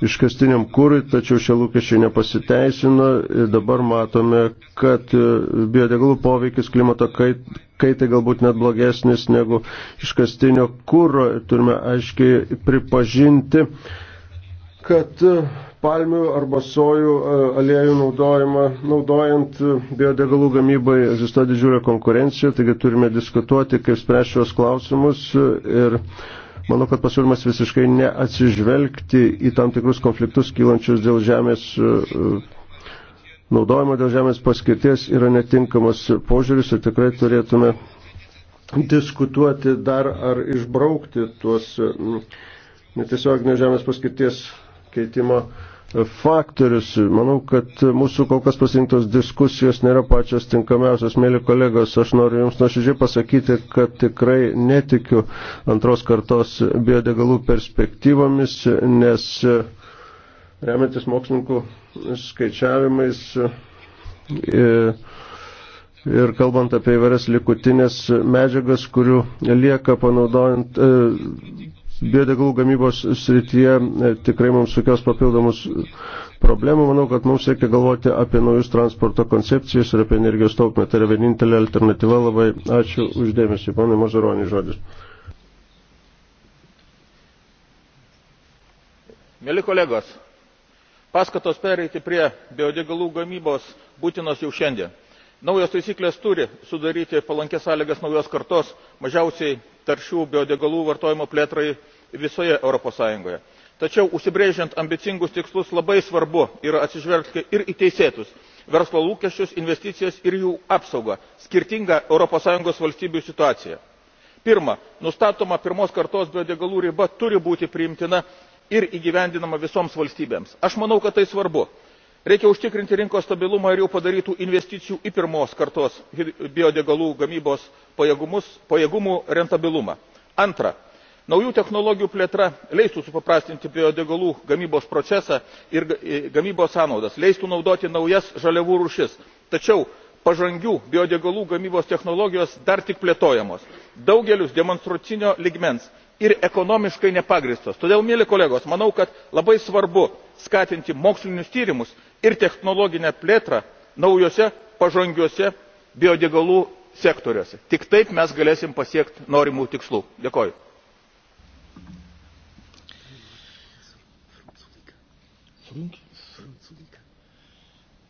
iškastiniam kūrui, tačiau šie lūkesčiai nepasiteisino ir dabar matome, kad biodegalų poveikis klimato kait, kaitai galbūt net blogesnis negu iškastinio kūro. Turime aiškiai pripažinti, uh, kad e, palmių arba sojų e, aliejų naudojimą, naudojant e, biodegalų gamybai egzistuoja didžiulė konkurencija, taigi turime diskutuoti, kaip spręs šios klausimus ir manau, kad pasiūlymas visiškai neatsižvelgti į tam tikrus konfliktus kylančius dėl žemės naudojimo, dėl žemės paskirties yra netinkamas požiūris ir tikrai turėtume diskutuoti dar ar išbraukti tuos netiesioginės žemės paskirties keitimo faktorius. Manau, kad mūsų kol kas pasirinktos diskusijos nėra pačios tinkamiausios. Mėly kolegos, aš noriu Jums nuoširdžiai pasakyti, kad tikrai netikiu antros kartos biodegalų perspektyvomis, nes remiantis mokslininkų skaičiavimais e, ir kalbant apie įvairias likutinės medžiagas, kurių lieka panaudojant e, biodegalų gamybos srityje e, tikrai mums sukels papildomus problemų. Manau, kad mums reikia galvoti apie naujus transporto koncepcijas ir apie energijos taupimą. Tai yra vienintelė alternatyva. Labai ačiū uždėmesį. Pane Mazaronį žodis. Mėly kolegos, paskatos pereiti prie biodegalų gamybos būtinos jau šiandien. Naujos taisyklės turi sudaryti palankės sąlygas naujos kartos mažiausiai taršių biodegalų vartojimo plėtrai visoje europos sąjungoje. tačiau užsibrėžiant ambicingus tikslus labai svarbu yra atsižvelgti ir į teisėtus verslo lūkesčius investicijas ir jų apsaugą skirtingą europos sąjungos valstybių situaciją. pirma nustatoma pirmos kartos biodegalų riba turi būti priimtina ir įgyvendinama visoms valstybėms. aš manau kad tai svarbu. reikia užtikrinti rinkos stabilumą ir jau padarytų investicijų į pirmos kartos biodegalų gamybos pajėgumus pajėgumų rentabilumą naujų technologijų plėtra leistų supaprastinti biodegalų gamybos procesą ir gamybos sąnaudas leistų naudoti naujas žaliavų rūšis tačiau pažangių biodegalų gamybos technologijos dar tik plėtojamos daugelis demonstracinio lygmens ir ekonomiškai nepagrįstos. todėl mieli kolegos manau kad labai svarbu skatinti mokslinius tyrimus ir technologinę plėtrą naujuose pažangiuose biodegalų sektoriuose tik taip mes galėsime pasiekti norimų tikslų. dėkoju.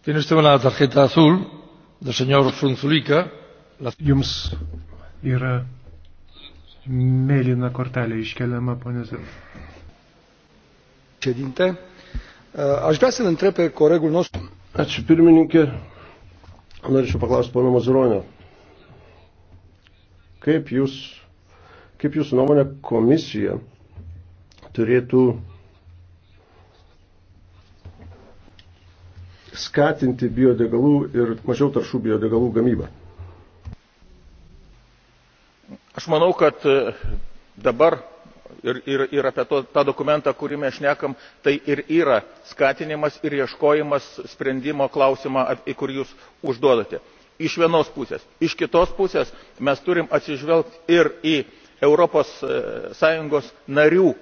Tiene usted una tarjeta azul del señor Frunzulica. Jums yra mėlyna kortelė iškeliama, ponė Zil. Ședinte, aș vrea să-l întreb pe colegul nostru. Ačiū pirmininkė. Norėčiau paklausti pono Mazuronio. Kaip jūs, kaip jūsų nuomonė komisija turėtų skatinti biodegalų ir mažiau taršų biodegalų gamybą? Aš manau, kad e, dabar ir, ir, ir apie to, tą dokumentą, kurį mes šnekam, tai ir yra skatinimas ir ieškojimas sprendimo klausimą, į kurį jūs užduodate. Iš vienos pusės. Iš kitos pusės mes turim atsižvelgti ir į Europos e, Sąjungos narių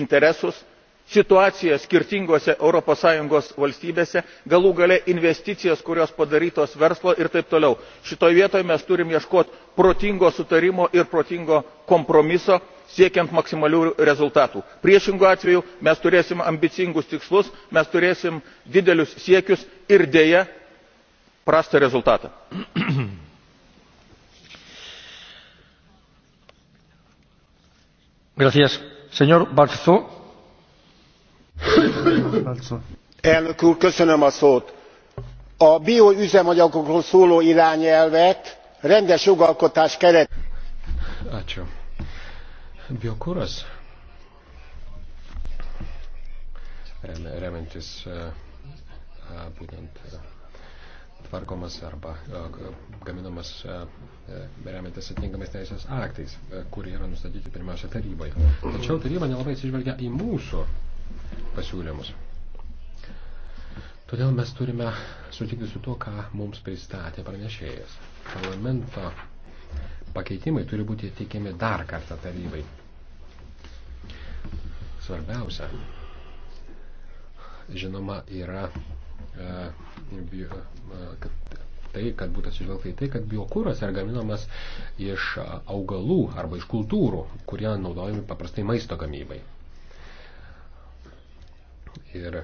interesus situacija skirtingose europos sąjungos valstybėse galų gale investicijos kurios padarytos verslo ir taip toliau. šitoje vietoje mes turime ieškoti protingo sutarimo ir protingo kompromiso siekiant maksimalių rezultatų. priešingu atveju mes turėsime ambicingus tikslus mes turėsime didelius siekius ir deja prastą rezultatą. señor barzó elnök úr a bioüzemanyagokról szóló irányelvet rendes jogalkotás keretében. biokuras remiantis eh, būtent eh, tvarkomas arba gaminamas remiantis atitinkamais teisės aktais kurie yra nustatyti pirmiausia taryboje. Tačiau taryba nelabai atsižvelgia į mūsų pasiūlymus. Todėl mes turime sutikti su tuo, ką mums pristatė pranešėjas. Parlamento pakeitimai turi būti teikiami dar kartą tarybai. Svarbiausia, žinoma, yra e, e, kad tai, kad būtų atsižvelgta į tai, kad biokūras yra gaminamas iš augalų arba iš kultūrų, kurie naudojami paprastai maisto gamybai. Ir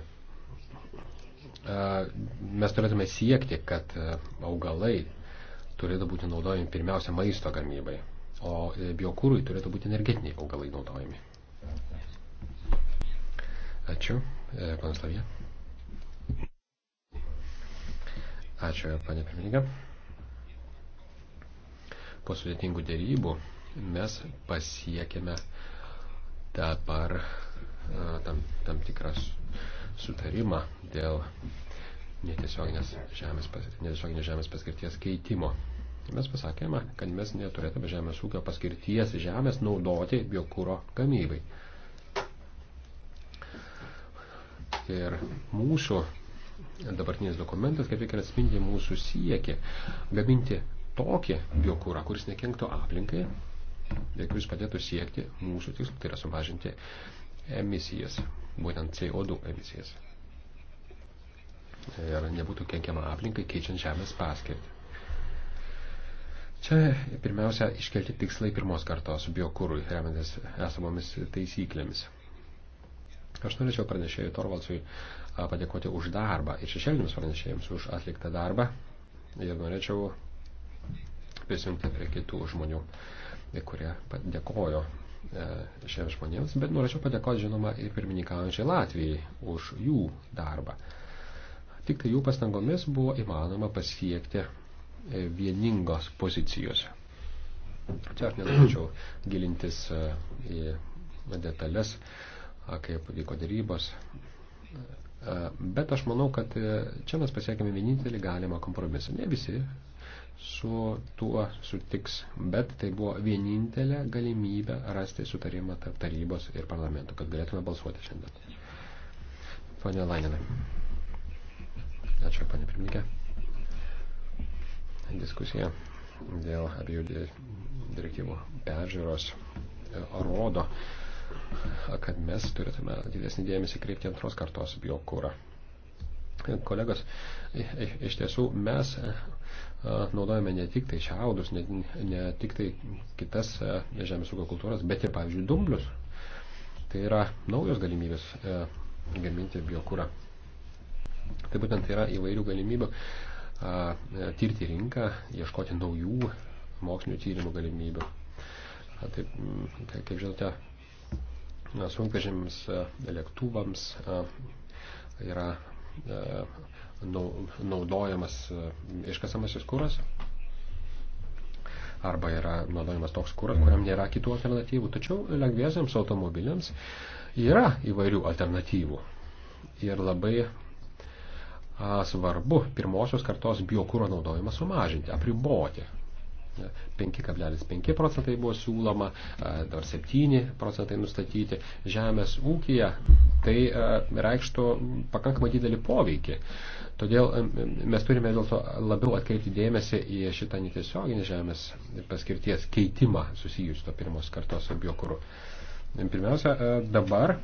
mes turėtume siekti, kad augalai turėtų būti naudojami pirmiausia maisto gamybai, o e, biokūrui turėtų būti energetiniai augalai naudojami. Ačiū, e, panas Lavija. Ačiū, panė pirmininkė. Po sudėtingų dėrybų mes pasiekėme dabar E, tam, tam tikras sutarimą dėl netiesioginės žemės, netiesioginės žemės paskirties keitimo. Mes pasakėme, kad mes neturėtume žemės ūkio paskirties žemės naudoti biokūro gamybai. Ir mūsų dabartinis dokumentas kaip tik ir atspindi mūsų siekį gaminti tokį biokūrą, kuris nekenktų aplinkai ir kuris padėtų siekti mūsų tikslų, tai yra sumažinti uh, emisijas, būtent CO2 emisijas. Ir nebūtų kenkiama aplinkai keičiant žemės paskirtį. Čia pirmiausia iškelti tikslai pirmos kartos biokūrui, remiantis esamomis taisyklėmis. Aš norėčiau pranešėjui Torvaldsui padėkoti už darbą ir šešėlinius pranešėjams už atliktą darbą ir norėčiau prisijungti prie kitų žmonių, kurie dėkojo E, šiems žmonėms, bet norėčiau padėkoti, žinoma, ir pirmininkaujančiai Latvijai už jų darbą. Tik tai jų pastangomis buvo įmanoma pasiekti e, vieningos pozicijos. Čia aš nenorėčiau gilintis e, į detalės, kaip vyko dėrybos, bet aš manau, kad čia mes pasiekėme vienintelį galimą kompromisą. Ne visi su tuo sutiks, bet tai buvo vienintelė galimybė rasti sutarimą tarp tarybos ir parlamento, kad galėtume balsuoti šiandien. Pane Laininai. Ačiū, pane pirmininkė. Diskusija dėl abiejų direktyvų peržiūros e, rodo, kad mes turėtume didesnį dėmesį kreipti antros kartos biokūrą. Kolegos, iš tiesų mes e, naudojame ne tik tai šiaudus, ne, ne tik tai kitas e, žemės ūkio kultūras, bet ir, pavyzdžiui, dumblius. Tai yra naujos galimybės e, gaminti biokūrą. Tai būtent tai yra įvairių galimybių tirti rinką, ieškoti naujų mokslinių tyrimų galimybių. Taip, tai, kaip žinote, sunkvežimiams, lėktuvams yra E, naudojamas e, iškasamasis kuras arba yra naudojamas toks kuras, kuriam nėra kitų alternatyvų. Tačiau lengviesiams automobiliams yra įvairių alternatyvų. Ir labai svarbu pirmosios kartos biokūro naudojimą sumažinti, apriboti. 5,5 procentai buvo siūloma, dar 7 procentai nustatyti žemės ūkija, tai reikštų pakankamai didelį poveikį. Todėl mes turime dėl to labiau atkreipti dėmesį į šitą netiesioginį žemės paskirties keitimą susijusiu to pirmos kartos biokūrų. Pirmiausia, dabar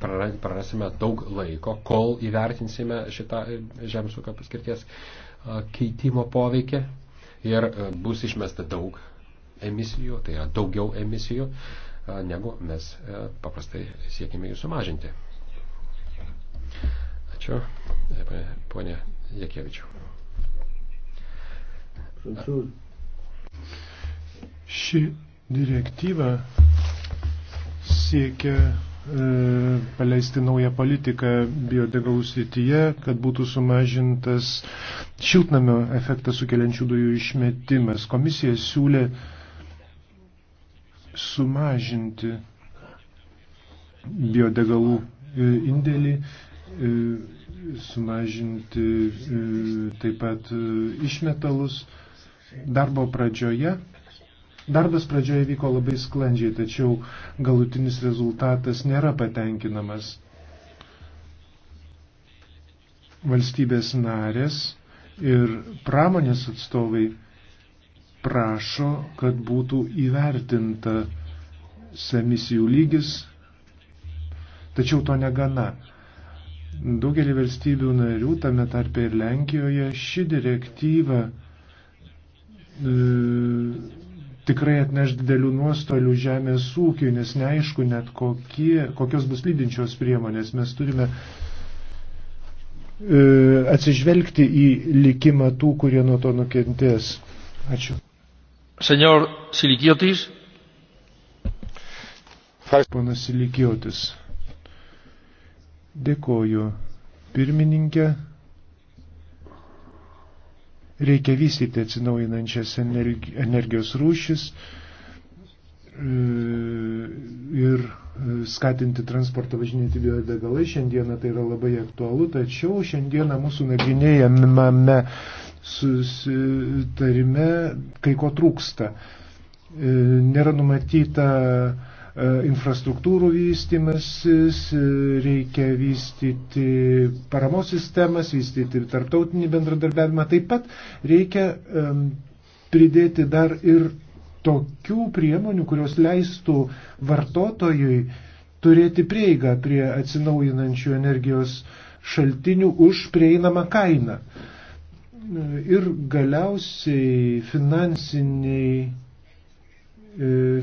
prarasime daug laiko, kol įvertinsime šitą e, žemės ūkio paskirties keitimo poveikį ir e, bus išmesta daug emisijų, tai yra daugiau emisijų, e, negu mes e, paprastai siekime jų sumažinti. Ačiū, ponė Jekievičiu. Ši direktyva siekia E, paleisti naują politiką biodegalų srityje, kad būtų sumažintas šiltnamio efektą sukeliančių dujų išmetimas. Komisija siūlė sumažinti biodegalų e, indėlį, e, sumažinti taip pat išmetalus. Darbo pradžioje Darbas pradžioje vyko labai sklandžiai, tačiau galutinis rezultatas nėra patenkinamas. Valstybės narės ir pramonės atstovai prašo, kad būtų įvertinta emisijų lygis, tačiau to negana. Daugelį valstybių narių, tame tarpe ir Lenkijoje, ši direktyva e, tikrai atneš didelių nuostolių žemės ūkiui, nes neaišku net kokie, kokios bus lydinčios priemonės. Mes turime e, atsižvelgti į likimą tų, kurie nuo to nukentės. Ačiū. Senor Silikiotis. Ponas Silikiotis. Dėkoju. Pirmininkė. Reikia vystyti atsinaujinančias energijos rūšis e, ir e, skatinti transportą važinėti biodegalai. Šiandieną tai yra labai aktualu, tačiau šiandieną mūsų nagrinėjamame susitarime kai ko trūksta. E, nėra numatyta E, infrastruktūrų vystimasis, e, reikia vystyti paramos sistemas, vystyti tarptautinį bendradarbiavimą. Taip pat reikia pridėti dar ir tokių priemonių, kurios leistų vartotojui turėti prieigą prie atsinaujinančių energijos šaltinių už prieinamą kainą. E, ir galiausiai finansiniai E,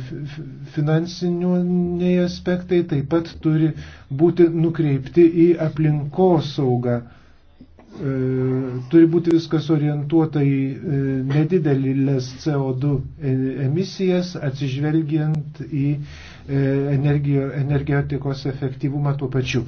finansiniai aspektai taip pat turi būti nukreipti į aplinkosaugą. E, turi būti viskas orientuota į e, nedidelės CO2 emisijas, atsižvelgiant į energijo, energetikos efektyvumą tuo pačiu.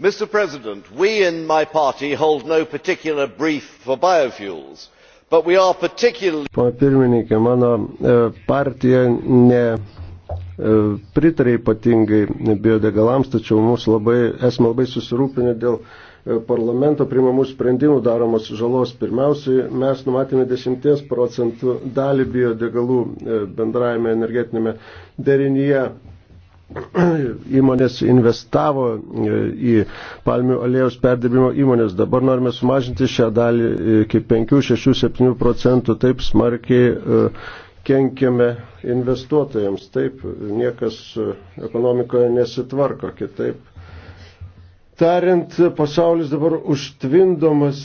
Mr. President, we in my party hold no particular brief for biofuels Particularly... Pane pirmininkė, mano e, partija ne e, pritarė ypatingai biodegalams, tačiau mūsų labai, esame labai susirūpinę dėl e, parlamento primamų sprendimų daromos žalos. Pirmiausiai, mes numatėme 10 procentų dalį biodegalų bendrajame energetinėme derinyje įmonės investavo e, į palmių aliejaus perdirbimo įmonės. Dabar norime sumažinti šią dalį iki 5, 6, 7 procentų. Taip smarkiai e, kenkiame investuotojams. Taip niekas e, ekonomikoje nesitvarko. Kitaip tariant, pasaulis dabar užtvindomas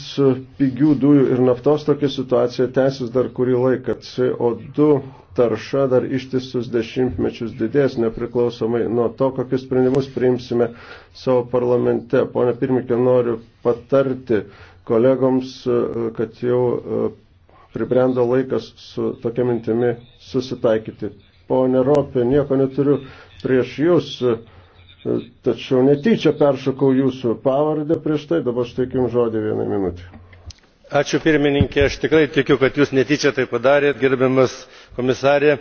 pigių dujų ir naftos. Tokia situacija tęsis dar kurį laiką. CO2 tarša dar ištisus dešimtmečius didės, nepriklausomai nuo to, kokius sprendimus priimsime savo parlamente. Pone pirmikė, noriu patarti kolegoms, kad jau e, pribrendo laikas su tokia mintimi susitaikyti. Pone Ropė, nieko neturiu prieš jūs, e, tačiau netyčia peršokau jūsų pavardę prieš tai, dabar aš teikim žodį vieną minutę aš tikrai tikiu kad jūs netyčia tai padarėte gerbiamas komisare.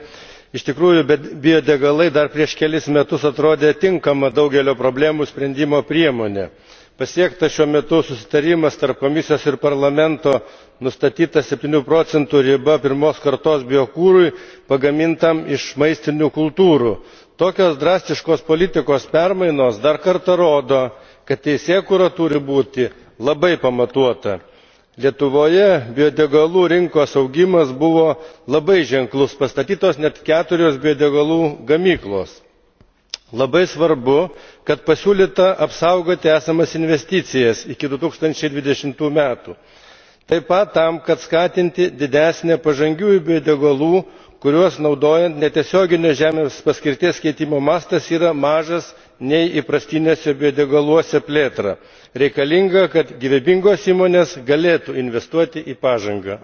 iš tikrųjų biodegalai dar prieš kelis metus atrodė tinkama daugelio problemų sprendimo priemonė. pasiektas šiuo metu susitarimas tarp komisijos ir parlamento nustatyta septyni procentų riba pirmos kartos biokurui pagamintam iš maistinių kultūrų. tokios drastiškos politikos permainos dar kartą rodo kad teisėkūra turi būti labai pamatuota lietuvoje biodegalų rinkos augimas buvo labai ženklus pastatytos net keturios biodegalų gamyklos. labai svarbu kad pasiūlyta apsaugoti esamas investicijas iki du tūkstančiai dvidešimt metų taip pat tam kad skatinti didesnę pažangiųjų biodegalų kuriuos naudojant netiesioginio žemės paskirties keitimo mastas yra mažas nei įprastinėse biodegaluose plėtrą. reikalinga kad gyvybingos įmonės galėtų investuoti į pažangą.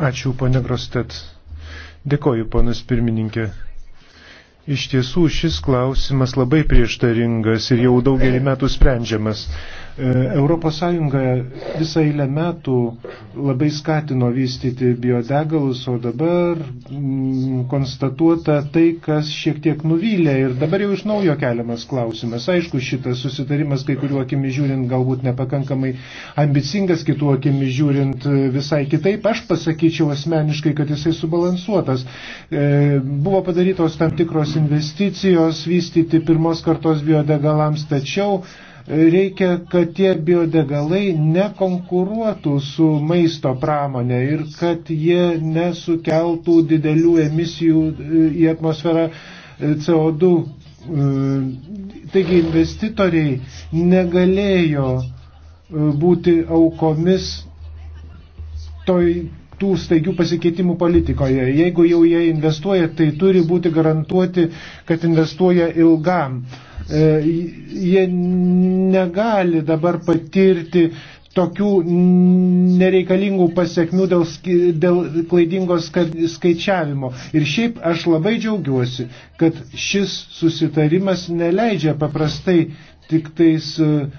Ačiū, ponė Grostet. Dėkoju, ponas pirmininkė. Iš tiesų šis klausimas labai prieštaringas ir jau daugelį metų sprendžiamas. ES visą eilę metų labai skatino vystyti biodegalus, o dabar mm, konstatuota tai, kas šiek tiek nuvylė ir dabar jau iš naujo keliamas klausimas. Aišku, šitas susitarimas kai kuriuo akimi žiūrint galbūt nepakankamai ambicingas, kitų akimi žiūrint e, visai kitaip. Aš pasakyčiau asmeniškai, kad jisai subalansuotas. E, buvo padarytos tam tikros investicijos vystyti pirmos kartos biodegalams, tačiau Reikia, kad tie biodegalai nekonkuruotų su maisto pramonė ir kad jie nesukeltų didelių emisijų e, į atmosferą e, CO2. E, taigi investitoriai negalėjo būti aukomis toj tų staigių pasikeitimų politikoje. Jeigu jau jie investuoja, tai turi būti garantuoti, kad investuoja ilgam. Uh, E, jie negali dabar patirti tokių nereikalingų pasiekmių dėl, dėl klaidingo skaičiavimo. Ir šiaip aš labai džiaugiuosi, kad šis susitarimas neleidžia paprastai tik tais uh,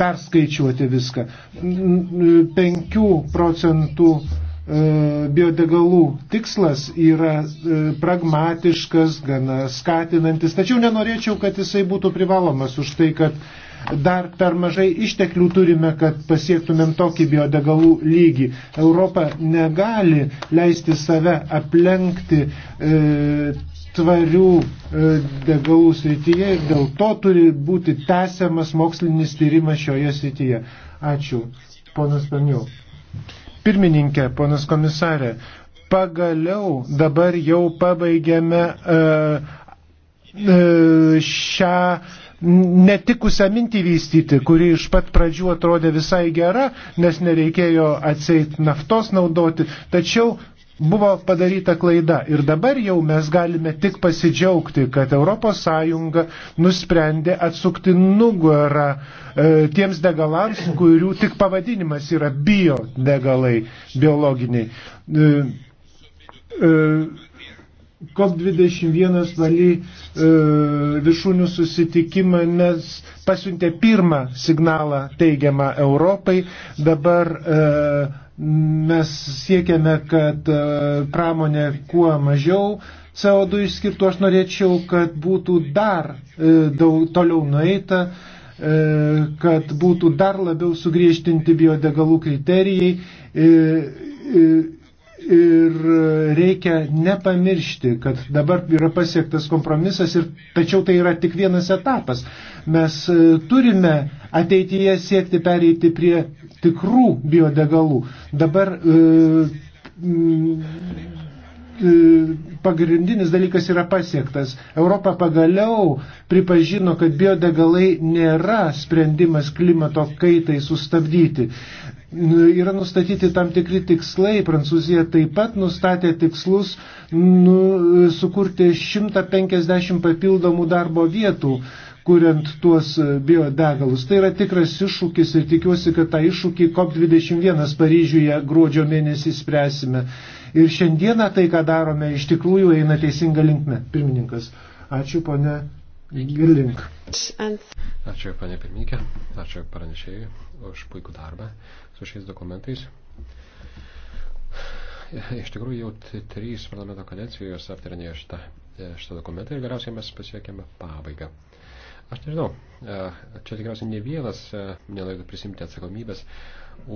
perskaičiuoti viską. 5 procentų E, biodegalų tikslas yra e, pragmatiškas, gana skatinantis, tačiau nenorėčiau, kad jisai būtų privalomas už tai, kad dar per mažai išteklių turime, kad pasiektumėm tokį biodegalų lygį. Europa negali leisti save aplenkti e, tvarių e, degalų srityje ir dėl to turi būti tęsiamas mokslinis tyrimas šioje srityje. Ačiū, ponas Paniu pirmininkė, ponas komisarė, pagaliau dabar jau pabaigėme e, e, šią netikusią mintį vystyti, kuri iš pat pradžių atrodė visai gera, nes nereikėjo atseit naftos naudoti, tačiau buvo padaryta klaida ir dabar jau mes galime tik pasidžiaugti, kad ES nusprendė atsukti nugarą e, tiems degalams, kurių tik pavadinimas yra bio degalai, biologiniai. E, e, COP21 valy e, viršūnių susitikimą, nes pasiuntė pirmą signalą teigiamą Europai. Dabar e, Mes siekiame, kad e, pramonė kuo mažiau CO2 išskirtų. Aš norėčiau, kad būtų dar e, daug, toliau nueita, e, kad būtų dar labiau sugriežtinti biodegalų kriterijai. Ir reikia nepamiršti, kad dabar yra pasiektas kompromisas, ir, tačiau tai yra tik vienas etapas. Mes turime ateityje siekti pereiti prie tikrų biodegalų. Dabar e, e, pagrindinis dalykas yra pasiektas. Europa pagaliau pripažino, kad biodegalai nėra sprendimas klimato kaitai sustabdyti. Nu, yra nustatyti tam tikri tikslai, Prancūzija taip pat nustatė tikslus nu, sukurti 150 papildomų darbo vietų. E, kuriant tuos e, biodegalus. Tai yra tikras iššūkis ir tikiuosi, kad tą iššūkį COP21 Paryžiuje gruodžio mėnesį spręsime. Ir šiandieną tai, ką darome, iš tikrųjų eina teisinga linkme. Pirmininkas. Ačiū, ponė Girlink. Ačiū, ponė pirmininkė. Ačiū pranešėjai už puikų darbą su šiais dokumentais. Iš tikrųjų, jau trys parlamento kadencijos aptarinėjo šitą, e, šitą dokumentą ir galiausiai mes pasiekėme pabaigą. Aš nežinau, e, čia tikriausiai ne vienas e, nenorėtų prisimti atsakomybės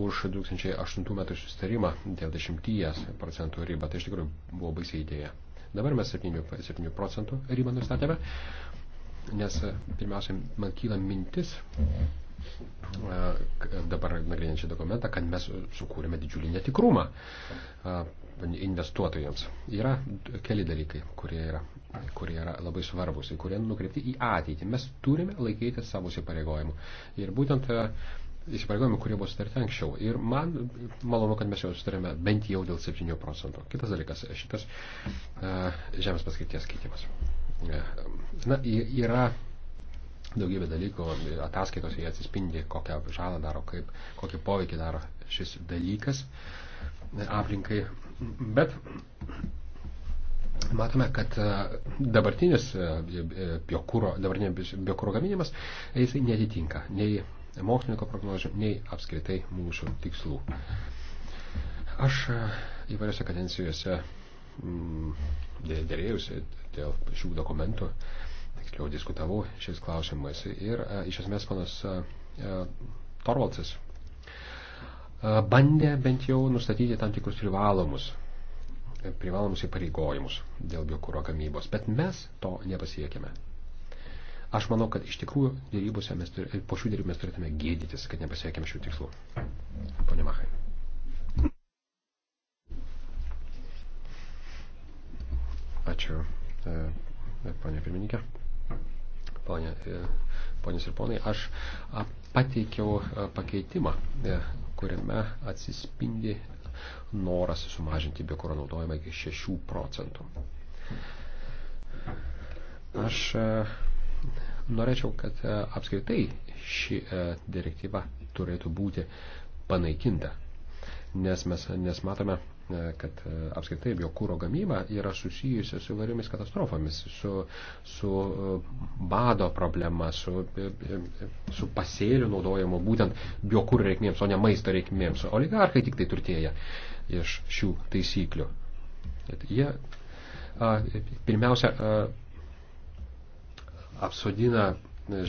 už 2008 metų susitarimą dėl 10 procentų ribą. Tai iš tikrųjų buvo baisiai idėja. Dabar mes 7, 7 procentų ribą nustatėme, nes e, pirmiausia, man kyla mintis dabar nagrinėčią dokumentą, kad mes sukūrėme didžiulį netikrumą investuotojams. Yra keli dalykai, kurie yra kurie yra labai svarbus ir kurie nukreipti į ateitį. Mes turime laikyti savo įsipareigojimų. Ir būtent e, įsipareigojimų, kurie buvo sutarti anksčiau. Ir man malonu, kad mes jau sutarėme bent jau dėl 7 procentų. Kitas dalykas, šitas e, žemės paskirties keitimas. E, na, yra daugybė dalykų, ataskaitos jie atsispindi, kokią žalą daro, kaip, kokį poveikį daro šis dalykas aplinkai. Bet matome, kad e, dabartinis e, e, biokūro, dabartinė biokūro gaminimas, jisai netitinka nei mokslininko prognozių, nei apskritai mūsų tikslų. Aš įvairiose kadencijose mm, dėrėjusi dėl šių dokumentų, tiksliau diskutavau šiais klausimais ir iš esmės panas Torvaldsas bandė bent jau nustatyti tam tikrus privalomus privalomus įpareigojimus dėl biokūro gamybos, bet mes to nepasiekime. Aš manau, kad iš tikrųjų dėrybose mes, po šių dėrybų mes turėtume gėdytis, kad nepasiekėme šių tikslų. Pone Mahai. Ačiū, e, e, ponė pirmininkė. Ponė, e, ponės ir ponai, aš pateikiau pakeitimą, kuriame atsispindi noras sumažinti biokuro naudojimą iki 6 procentų. Aš e, norėčiau, kad e, apskritai ši e, direktyva turėtų būti panaikinta, nes mes nes matome E, kad e, apskritai biokūro gamyba yra susijusi su įvairiomis katastrofomis, su, su e, bado problema, su, su pasėlių naudojimo būtent biokūro reikmėms, o ne maisto reikmėms. Oligarchai tik tai turtėja iš šių taisyklių. Jie a, pirmiausia a, apsodina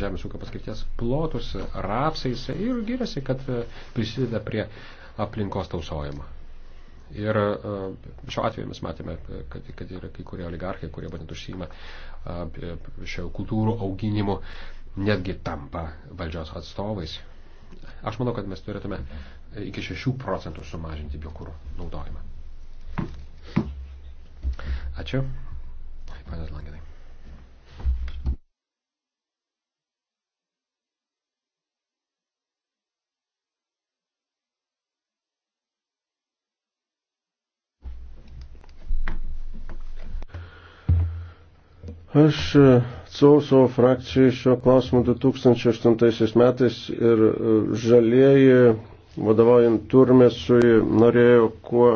žemės ūkio paskirties plotus rapsais ir giriasi, kad prisideda prie aplinkos tausojimo. Ir e, šiuo atveju mes matėme, kad, kad yra kai kurie oligarchai, kurie būtent užsima e, šio kultūrų auginimu, netgi tampa valdžios atstovais. Aš manau, kad mes turėtume iki 6 procentų sumažinti biokūro naudojimą. Ačiū. Panas Langenai. Aš e, atsau savo frakcijai šio klausimo 2008 metais ir e, žalieji, vadovaujant turmesui, norėjo kuo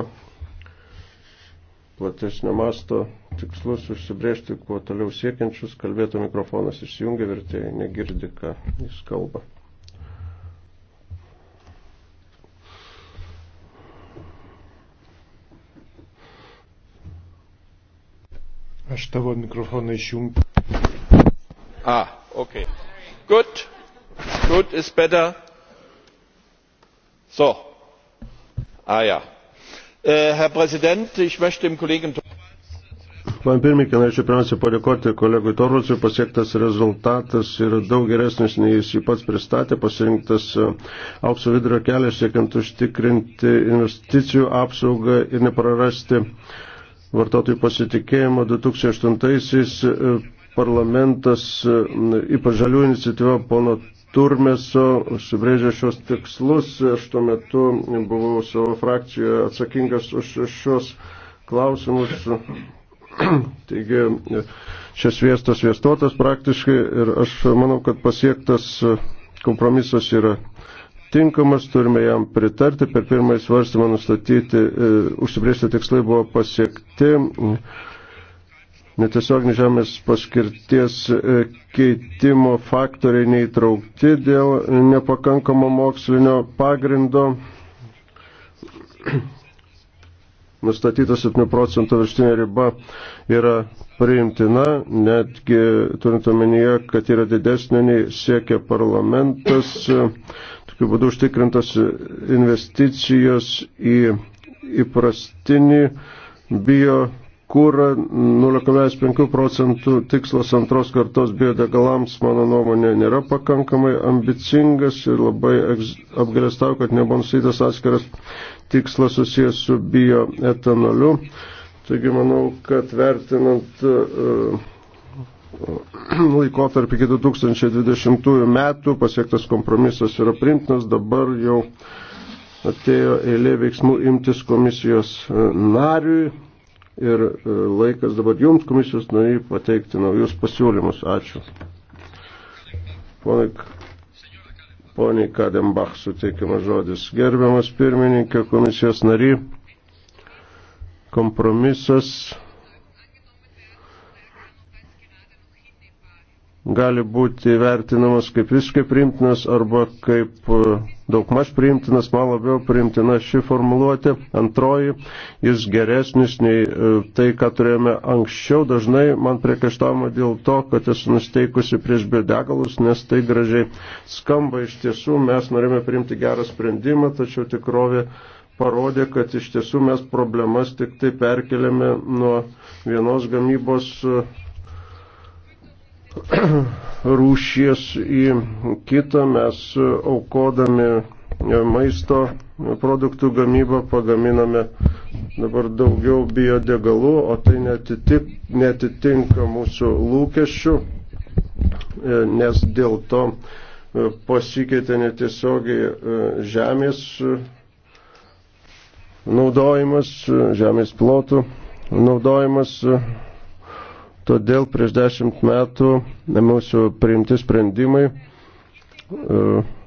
platesnio masto tikslus užsibriežti, kuo toliau siekiančius, kalbėtų mikrofonas išsijungia, vertėjai negirdi, ką jis kalba. Aš tavo mikrofoną išjungiu. Ah, okay. Good. Good is better. So. Ah ja. Äh, Herr Präsident, ich möchte dem Kollegen Man pirmininkė, norėčiau pirmiausia padėkoti kolegui Torvaldsui, pasiektas rezultatas yra daug geresnis, nei jis jį pats pristatė, pasirinktas e, aukso vidurio kelias, siekiant užtikrinti investicijų apsaugą ir neprarasti uh, vartotojų pasitikėjimo 2008-aisiais e, parlamentas, e, ypač žalių iniciatyva pono Turmeso, užsibrėžė šios tikslus. Aš tuo metu buvau savo frakcijoje atsakingas už šios klausimus. Taigi, čia sviestas sviestotas praktiškai ir aš manau, kad pasiektas kompromisas yra tinkamas, turime jam pritarti. Per pirmąjį svarstymą nustatyti, e, užsibriežti tikslai buvo pasiekti. Netiesioginės žemės paskirties e, keitimo faktoriai neįtraukti dėl nepakankamo mokslinio pagrindo. Nustatyta 7 procentų virštinė riba yra priimtina, netgi turint omenyje, kad yra didesnė nei siekia parlamentas, Tokiu būdu užtikrintos investicijos į įprastinį bio kūrą 0,5 procentų tikslas antros kartos biodegalams, mano nuomonė, nėra pakankamai ambicingas ir labai apgalėstau, kad nebansytas atskiras tikslas susijęs su bioetanoliu. Taigi manau, kad vertinant uh, laikotarpį iki 2020 metų pasiektas kompromisas yra primtinas, dabar jau atėjo eilė veiksmų imtis komisijos e, nariui ir e, laikas dabar jums komisijos nariai pateikti naujus pasiūlymus. Ačiū. Ponai, poniai Kadembach suteikiamas žodis. Gerbiamas pirmininkė komisijos nariai, kompromisas gali būti vertinamas kaip visiškai priimtinas arba kaip e, daugmaž priimtinas, man labiau priimtina ši formuluotė. Antroji, jis geresnis nei e, tai, ką turėjome anksčiau. Dažnai man priekaštavimo dėl to, kad esu nusteikusi prieš biodegalus, nes tai gražiai skamba iš tiesų. Mes norime priimti gerą sprendimą, tačiau tikrovė parodė, kad iš tiesų mes problemas tik tai perkeliame nuo vienos gamybos e, rūšies į kitą, mes aukodami maisto produktų gamybą pagaminame dabar daugiau biodegalų, o tai netitik, netitinka mūsų lūkesčių, e, nes dėl to e, pasikeitė netiesiogiai e, žemės naudojimas, žemės plotų naudojimas Todėl prieš dešimt metų mūsų priimti sprendimai e,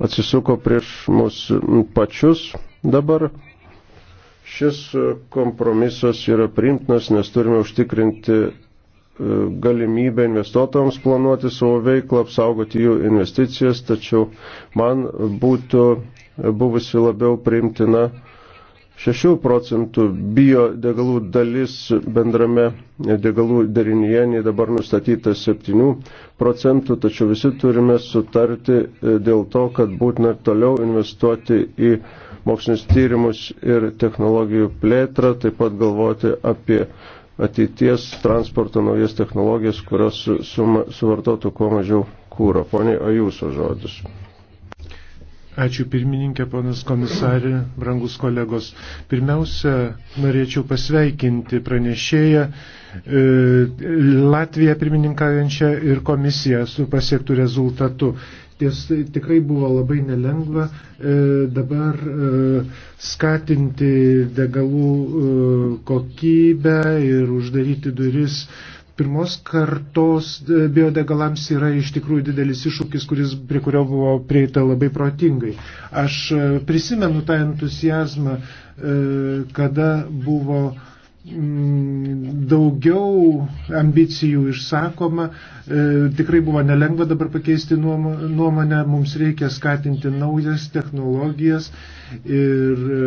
atsisuko prieš mūsų pačius dabar. Šis kompromisas yra priimtinas, nes turime užtikrinti e, galimybę investuotojams planuoti savo veiklą, apsaugoti jų investicijas, tačiau man būtų buvusi labiau priimtina 6 procentų bio degalų dalis bendrame degalų derinyje, nei dabar nustatyta 7 procentų, tačiau visi turime sutarti e, dėl to, kad būtina toliau investuoti į mokslinius tyrimus ir technologijų plėtrą, taip pat galvoti apie ateities transporto naujas technologijas, kurios suvartotų kuo mažiau kūro. Pone, o jūsų žodis. Ačiū pirmininkė, ponas komisarė, brangus kolegos. Pirmiausia, norėčiau pasveikinti pranešėją e, Latviją pirmininkaujančią ir komisiją su pasiektų rezultatu. Ties tikrai buvo labai nelengva e, dabar e, skatinti degalų e, kokybę ir uždaryti duris Pirmos kartos e, biodegalams yra iš tikrųjų didelis iššūkis, kuris, prie kurio buvo prieita labai protingai. Aš e, prisimenu tą entuzijazmą, e, kada buvo mm, daugiau ambicijų išsakoma. E, tikrai buvo nelengva dabar pakeisti nuomonę, mums reikia skatinti naujas technologijas ir e,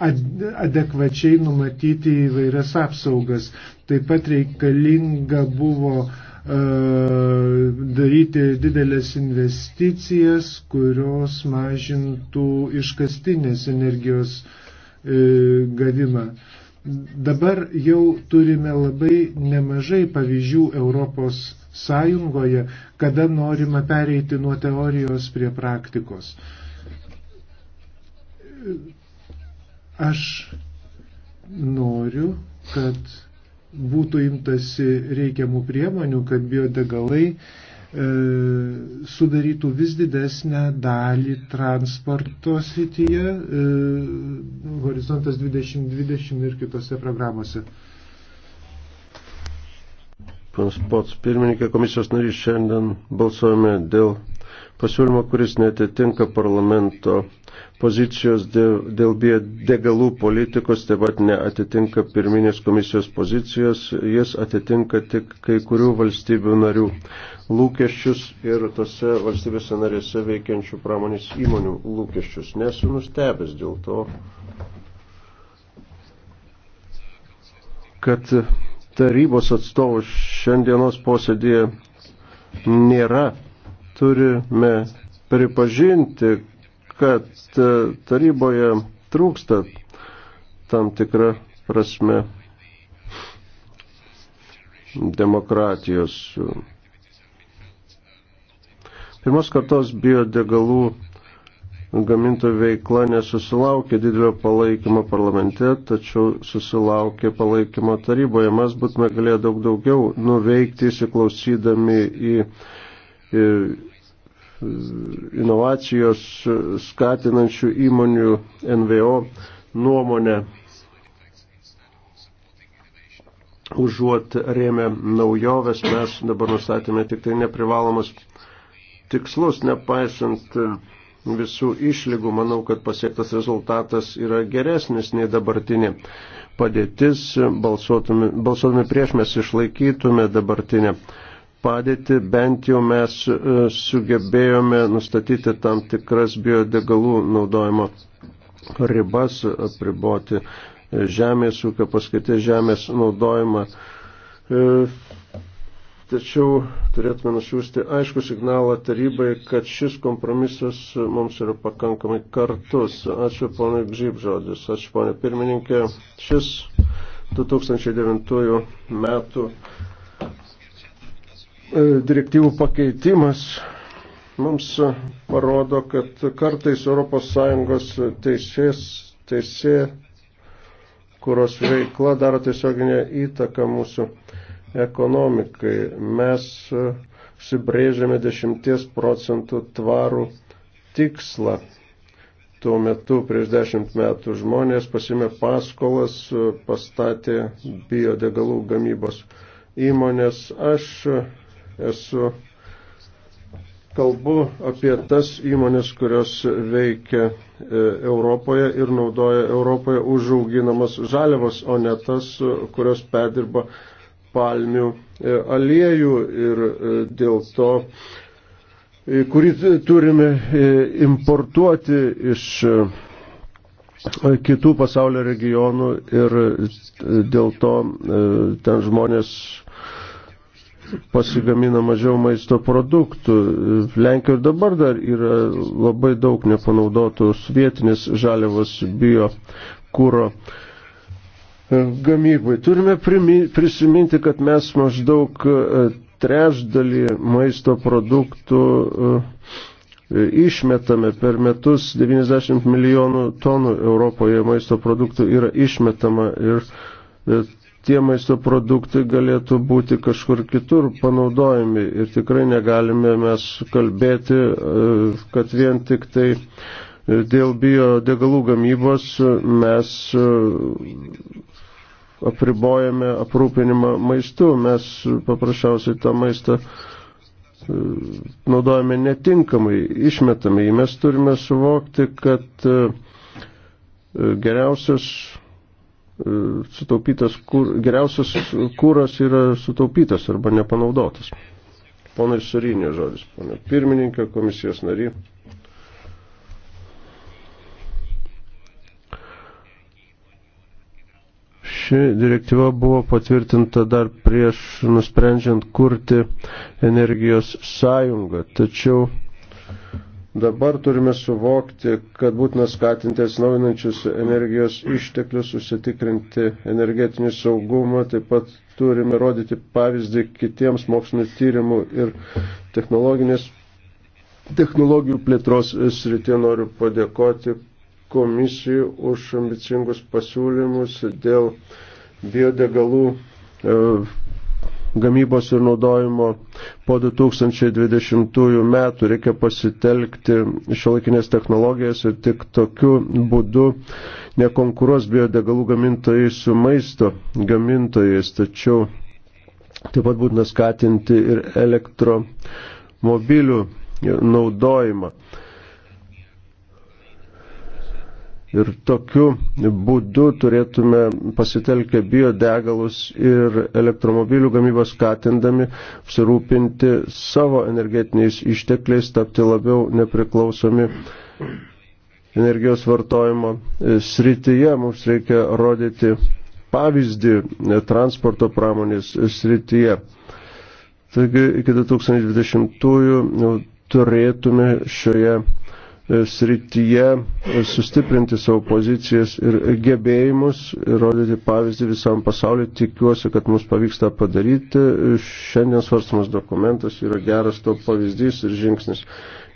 adekvačiai numatyti įvairias apsaugas. Taip pat reikalinga buvo e, daryti didelės investicijas, kurios mažintų iškastinės energijos e, gavimą. Dabar jau turime labai nemažai pavyzdžių Europos Sąjungoje, kada norima pereiti nuo teorijos prie praktikos. Aš noriu, kad būtų imtasi reikiamų priemonių, kad biodegalai e, sudarytų vis didesnę dalį transporto srityje, e, horizontas 2020 ir kitose programuose. Pans Pots, pirmininkė komisijos narys, šiandien balsuojame dėl pasiūlymo, kuris netitinka parlamento pozicijos dėl, dėl biodegalų politikos taip pat neatitinka pirminės komisijos pozicijos, jis atitinka tik kai kurių valstybių narių lūkesčius ir tose valstybėse narėse veikiančių pramonės įmonių lūkesčius. Nesu nustebęs dėl to, kad tarybos atstovų šiandienos posėdėje nėra. Turime pripažinti, kad e, taryboje trūksta tam tikrą prasme demokratijos. Pirmos kartos biodegalų gamintojų veikla nesusilaukė didelio palaikymo parlamente, tačiau susilaukė palaikymo taryboje. Mes būtume galėję daug daugiau nuveikti įsiklausydami į, į inovacijos skatinančių įmonių NVO nuomonę užuot rėmę naujoves, mes dabar nustatėme tik tai neprivalomas tikslus, nepaisant visų išlygų, manau, kad pasiektas rezultatas yra geresnis nei dabartinė padėtis, balsuotume, balsuotume prieš mes išlaikytume dabartinę padėtį, bent jau mes e, sugebėjome nustatyti tam tikras biodegalų naudojimo ribas, apriboti e, žemės ūkio paskaitės žemės naudojimą. E, tačiau turėtume nusiųsti aišku signalą tarybai, kad šis kompromisas mums yra pakankamai kartus. Ačiū ponai Gžyb žodis, ačiū ponai pirmininkė. Šis 2009 metų E, direktyvų pakeitimas mums parodo, kad kartais ES teisės, teisė, kurios veikla daro tiesioginę įtaką mūsų ekonomikai. Mes sibrėžėme 10 procentų tvarų tikslą. Tuo metu prieš dešimt metų žmonės pasimė paskolas, pastatė biodegalų gamybos įmonės. Aš esu kalbu apie tas įmonės, kurios veikia e, Europoje ir naudoja Europoje užauginamas žaliavas, o ne tas, kurios perdirba palmių e, aliejų ir e, dėl to, kurį turime importuoti iš kitų pasaulio regionų ir dėl to ten žmonės pasigamina mažiau maisto produktų. Lenkijoje ir dabar dar yra labai daug nepanaudotos vietinės žaliavos bio kūro gamybai. Turime prisiminti, kad mes maždaug e, trešdalį maisto produktų e, išmetame per metus 90 milijonų tonų Europoje maisto produktų yra išmetama ir e, tie maisto produktai galėtų būti kažkur kitur panaudojami ir tikrai negalime mes kalbėti, e, kad vien tik tai e, dėl biodegalų gamybos mes e, apribojame aprūpinimą maistu, mes paprasčiausiai tą maistą naudojame netinkamai, išmetame jį. Mes turime suvokti, kad geriausias E, sutaupytas kur, geriausias kūras yra sutaupytas arba nepanaudotas. Ponai Surinio žodis, ponai pirmininkė, komisijos nary. Ši direktyva buvo patvirtinta dar prieš nusprendžiant kurti energijos sąjungą, tačiau Dabar turime suvokti, kad būtina skatinti atsinaujinančius energijos išteklius, užsitikrinti energetinį saugumą, taip pat turime rodyti pavyzdį kitiems mokslinio tyrimų ir technologinės technologijų plėtros srityje. Noriu padėkoti komisijai už ambicingus pasiūlymus dėl biodegalų e, gamybos ir naudojimo po 2020 metų. Reikia pasitelkti šiolaikinės technologijas ir tik tokiu būdu nekonkuruos biodegalų gamintojai su maisto gamintojais. Tačiau taip pat būtina skatinti ir elektromobilių naudojimą. Ir tokiu būdu turėtume pasitelkę biodegalus ir elektromobilių gamybą skatindami apsirūpinti savo energetiniais ištekliais, tapti labiau nepriklausomi energijos vartojimo e, srityje. Mums reikia rodyti pavyzdį e, transporto pramonės e, srityje. Taigi iki 2020 turėtume šioje E, srityje e, sustiprinti savo pozicijas ir gebėjimus, rodyti pavyzdį visam pasauliu. Tikiuosi, kad mums pavyksta padaryti. Šiandien svarstamas dokumentas yra geras to pavyzdys ir žingsnis.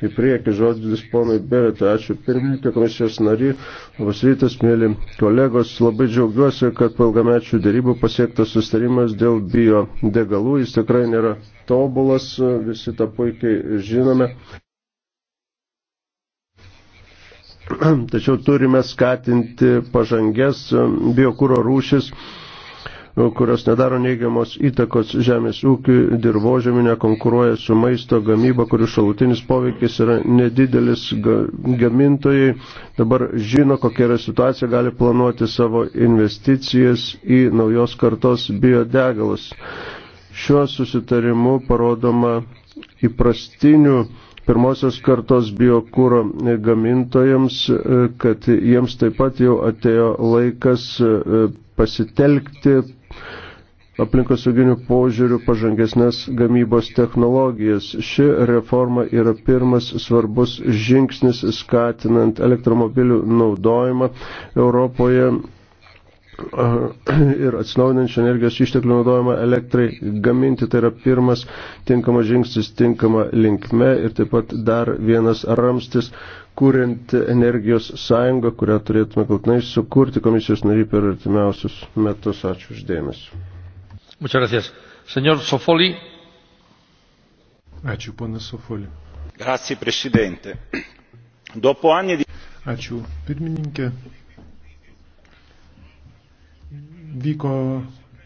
Į priekį žodis ponui Beretui. Ačiū pirmininkė komisijos nari. Labas rytas, mėly kolegos. Labai džiaugiuosi, kad palgamečių dėrybų pasiektas sustarimas dėl bio degalų. Jis tikrai nėra tobulas, visi tą puikiai žinome. tačiau turime skatinti pažangės um, biokūro rūšis uh, kurios nedaro neigiamos įtakos žemės ūkiui, dirbožeminė konkuruoja su maisto gamyba, kurių šalutinis poveikis yra nedidelis gamintojai. Dabar žino, kokia yra situacija, gali planuoti savo investicijas į naujos kartos biodegalus. Šiuo susitarimu parodoma įprastinių pirmosios kartos biokūro gamintojams, e, kad jiems taip pat jau atėjo laikas e, pasitelkti aplinkosauginių požiūrių pažangesnės gamybos technologijas. Ši reforma yra pirmas svarbus žingsnis skatinant elektromobilių naudojimą Europoje ir atsinaujinančių energijos išteklių naudojimą elektrai gaminti. Tai yra pirmas tinkamas žingsnis tinkama linkme ir taip pat dar vienas ramstis, kuriant energijos sąjungą, kurią turėtume galtinai sukurti komisijos nariai per artimiausius metus. Ačiū uždėmesi. Muchas gracias. Señor Sofoli. Ačiū, ponas Sofoli. Grazie, presidente. Dopo anni di... Ačiū, pirmininkė vyko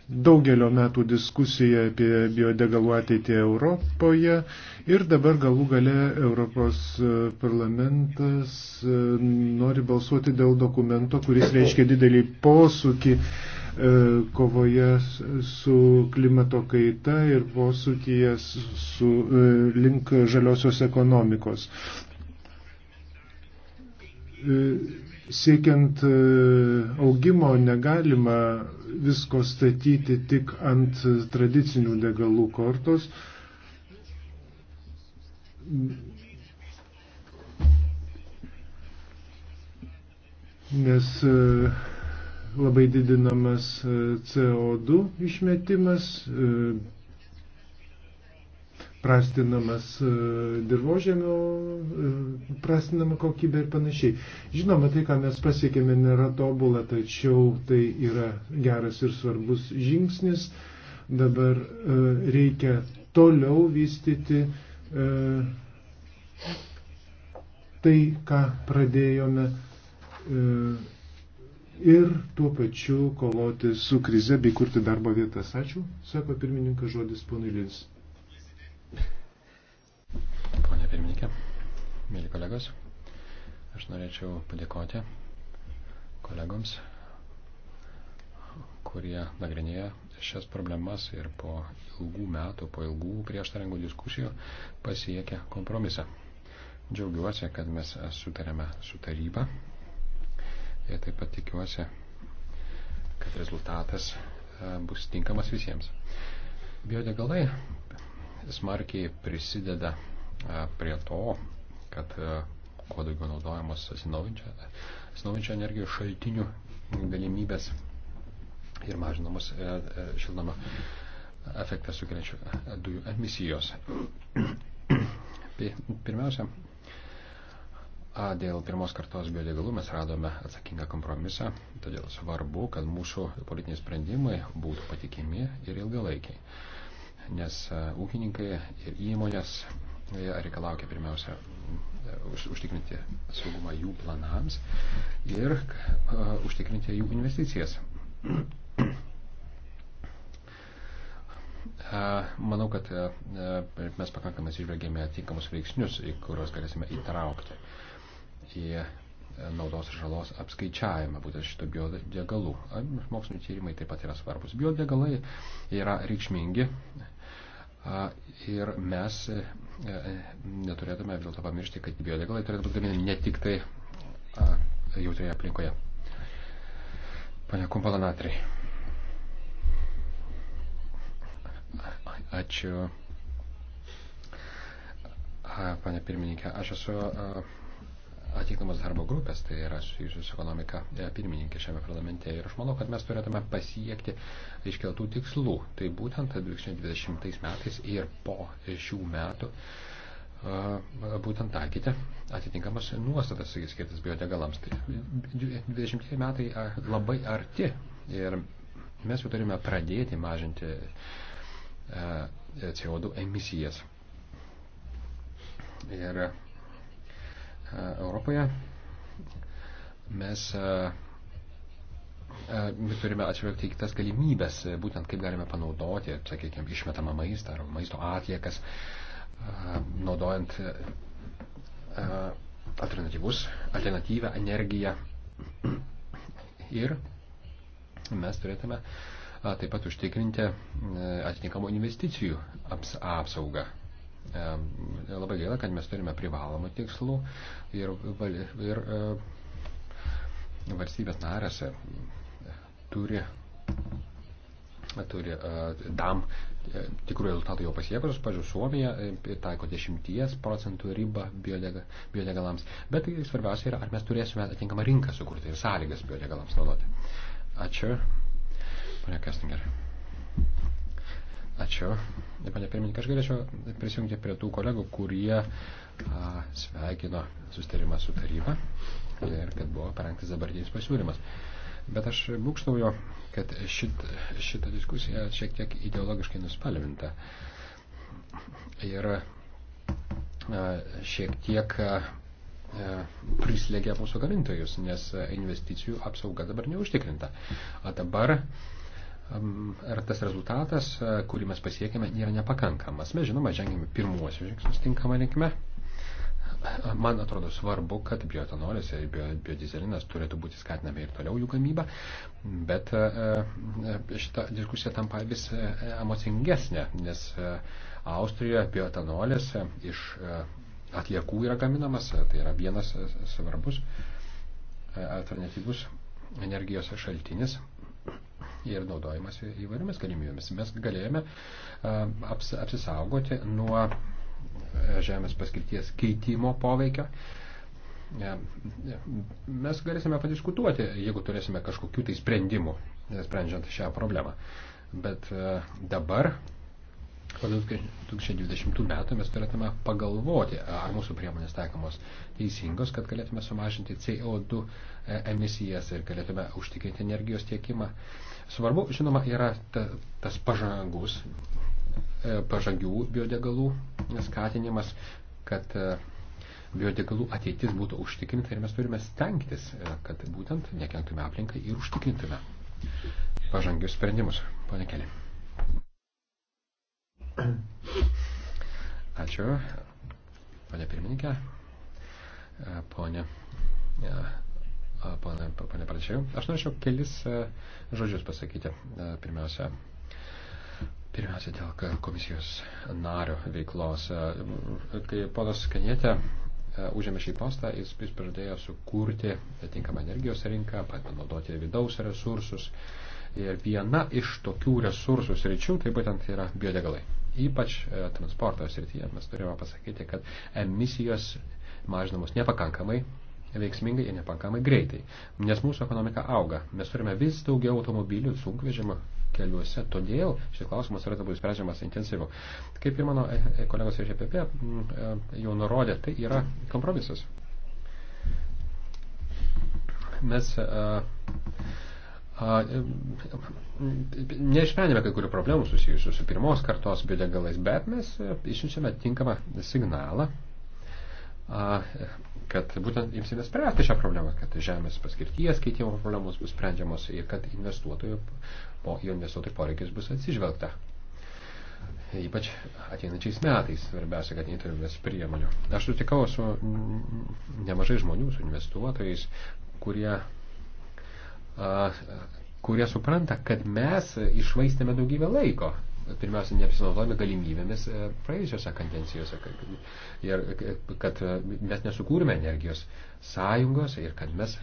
daugelio metų diskusija apie biodegalų ateitį Europoje ir dabar galų gale Europos e, parlamentas e, nori balsuoti dėl dokumento, kuris reiškia didelį posūkį e, kovoje su klimato kaita ir posūkyje su link žaliosios ekonomikos Siekiant e, augimo negalima visko statyti tik ant tradicinių degalų kortos. Nes e, labai didinamas e, CO2 išmetimas, prastinamas e, dirbožėmio, e, prastinama kokybė ir panašiai. Žinoma, tai, ką mes pasiekėme, nėra tobula, tačiau tai yra geras ir svarbus žingsnis. Dabar e, reikia toliau vystyti tai, ką pradėjome ir tuo pačiu kovoti su krize bei kurti darbo vietas. Ačiū, sako pirmininkas žodis ponui Lins ponė pirmininkė, mėly kolegos. Aš norėčiau padėkoti kolegoms, kurie nagrinėja šias problemas ir po ilgų metų, po ilgų prieštaringų diskusijų pasiekė kompromisą. Džiaugiuosi, kad mes sutarėme su taryba ir taip pat tikiuosi, kad rezultatas e, bus tinkamas visiems. Biodegalai smarkiai prisideda E, prie to, kad e, kuo daugiau naudojamos atsinaujančio energijos šaltinių galimybės ir mažinamos e, šildomą efektą sukeliančių dujų emisijos. Pirmiausia, dėl pirmos kartos biodegalų mes radome atsakingą kompromisą, todėl svarbu, kad mūsų politiniai sprendimai būtų patikimi ir ilgalaikiai, nes ūkininkai ir įmonės reikalauja pirmiausia e, užtikrinti saugumą jų planams ir uh, užtikrinti jų investicijas. E, manau, kad mes pakankamai išvelgėme tinkamus veiksnius, į kuriuos galėsime įtraukti į naudos ir žalos apskaičiavimą būtent šitų biodegalų. Moksliniai tyrimai taip pat yra svarbus. Biodegalai yra reikšmingi Ir mes e, e, neturėtume vis dėlto pamiršti, kad biodegalai turėtų būti gaminami ne tik tai jautrioje aplinkoje. Pane Kumpalanatrai. Ačiū. Pane pirmininkė, aš esu. A, atitinkamos darbo grupės, tai yra susijusios ekonomika e, pirmininkė šiame parlamente. Ir aš manau, kad mes turėtume pasiekti iškeltų tikslų. Tai būtent 2020 metais ir po šių metų e, būtent taikyti atitinkamas nuostatas, skirtas biodegalams. Tai 20 metai e, labai arti ir mes jau turime pradėti mažinti CO2 emisijas. Ir E, Europoje e, e, mes turime atsižvelgti į kitas galimybės, būtent kaip galime panaudoti, sakykime, išmetamą maistą ar maisto atliekas, naudojant alternatyvus, alternatyvę energiją. Ir mes turėtume taip pat užtikrinti atitinkamų investicijų apsaugą. Labai gaila, kad mes turime privalomų tikslų ir, ir e, valstybės narėse turi, turi e, tam e, tikrų rezultatų jau pasiekus, pažiūrėjau, Suomija taiko 10 procentų ribą biodegalams, bet tai svarbiausia yra, ar mes turėsime atitinkamą rinką sukurti ir sąlygas biodegalams naudoti. Ačiū, ponia Kastinger. Ačiū. Pane pirmininkai, aš galėčiau prisijungti prie tų kolegų, kurie a, sveikino sustarimą su taryba ir kad buvo parengtas dabartinis pasiūlymas. Bet aš būkštauju, kad šit, šita diskusija šiek tiek ideologiškai nuspalvinta. Ir a, šiek tiek a, prislegia mūsų gamintojus, nes investicijų apsauga dabar neužtikrinta. O dabar a, ar tas rezultatas, e, kurį mes pasiekėme, nėra nepakankamas. Mes, žinoma, žengėme pirmuosius žingsnius tinkamą linkme. Man atrodo svarbu, kad biotanolis ir biodizelinas turėtų būti skatinami ir toliau jų gamyba, bet e, e, šita diskusija tampa vis emocingesnė, nes Austrijoje biotanolis iš atliekų yra gaminamas, tai yra vienas svarbus alternatyvus energijos šaltinis ir naudojimas įvairiomis galimybėmis. Mes galėjome aps, apsisaugoti nuo e, žemės paskirties keitimo poveikio. E, e, mes galėsime padiskutuoti, jeigu turėsime kažkokių tai sprendimų, sprendžiant šią problemą. Bet dabar Po 2020 metų mes turėtume pagalvoti, ar mūsų priemonės taikomos teisingos, kad galėtume sumažinti CO2 e, emisijas ir galėtume užtikrinti energijos tiekimą. Svarbu, žinoma, yra ta, tas pažangus, e, pažangių biodegalų skatinimas, kad e, biodegalų ateitis būtų užtikrinta ir mes turime stengtis, kad būtent nekenktume aplinkai ir užtikrintume pažangius sprendimus. Pane Keli. Ačiū, ponė pirmininkė, e, e, ponė, ponė, ponė pranešėjau. Aš norėčiau kelis e, žodžius pasakyti. Pirmiausia, pirmiausia dėl komisijos nario veiklos. Kai ponas Kanietė užėmė šį postą, jis, jis pradėjo sukurti atinkamą energijos rinką, panaudoti vidaus resursus. Ir viena iš tokių resursų sričių tai būtent yra biodegalai. Ypač e, transporto srityje mes turime pasakyti, kad emisijos mažinamos nepakankamai veiksmingai ir nepakankamai greitai, nes mūsų ekonomika auga. Mes turime vis daugiau automobilių, sunkvežimų keliuose, todėl šis klausimas turėtų būti sprendžiamas intensyviau. Kaip ir mano e, e, kolegos iš EPP jau nurodė, tai yra kompromisas. Mes uh, neišsprendėme kai kurių problemų susijusių su pirmos kartos biodegalais, bet mes išsiunčiame tinkamą signalą, kad būtent imsime spręsti šią problemą, kad žemės paskirties keitimo problemos bus sprendžiamos ir kad investuotojų, po, investuotojų poreikis bus atsižvelgta. Ypač ateinančiais metais svarbiausia, kad neturime priemonių. Aš sutikau su nemažai žmonių, su investuotojais, kurie kurie supranta, kad mes išvaistėme daugybę laiko. Pirmiausia, neapsinaudojame galimybėmis e, praėjusiose kadencijose ir kad mes nesukūrėme energijos sąjungos ir kad mes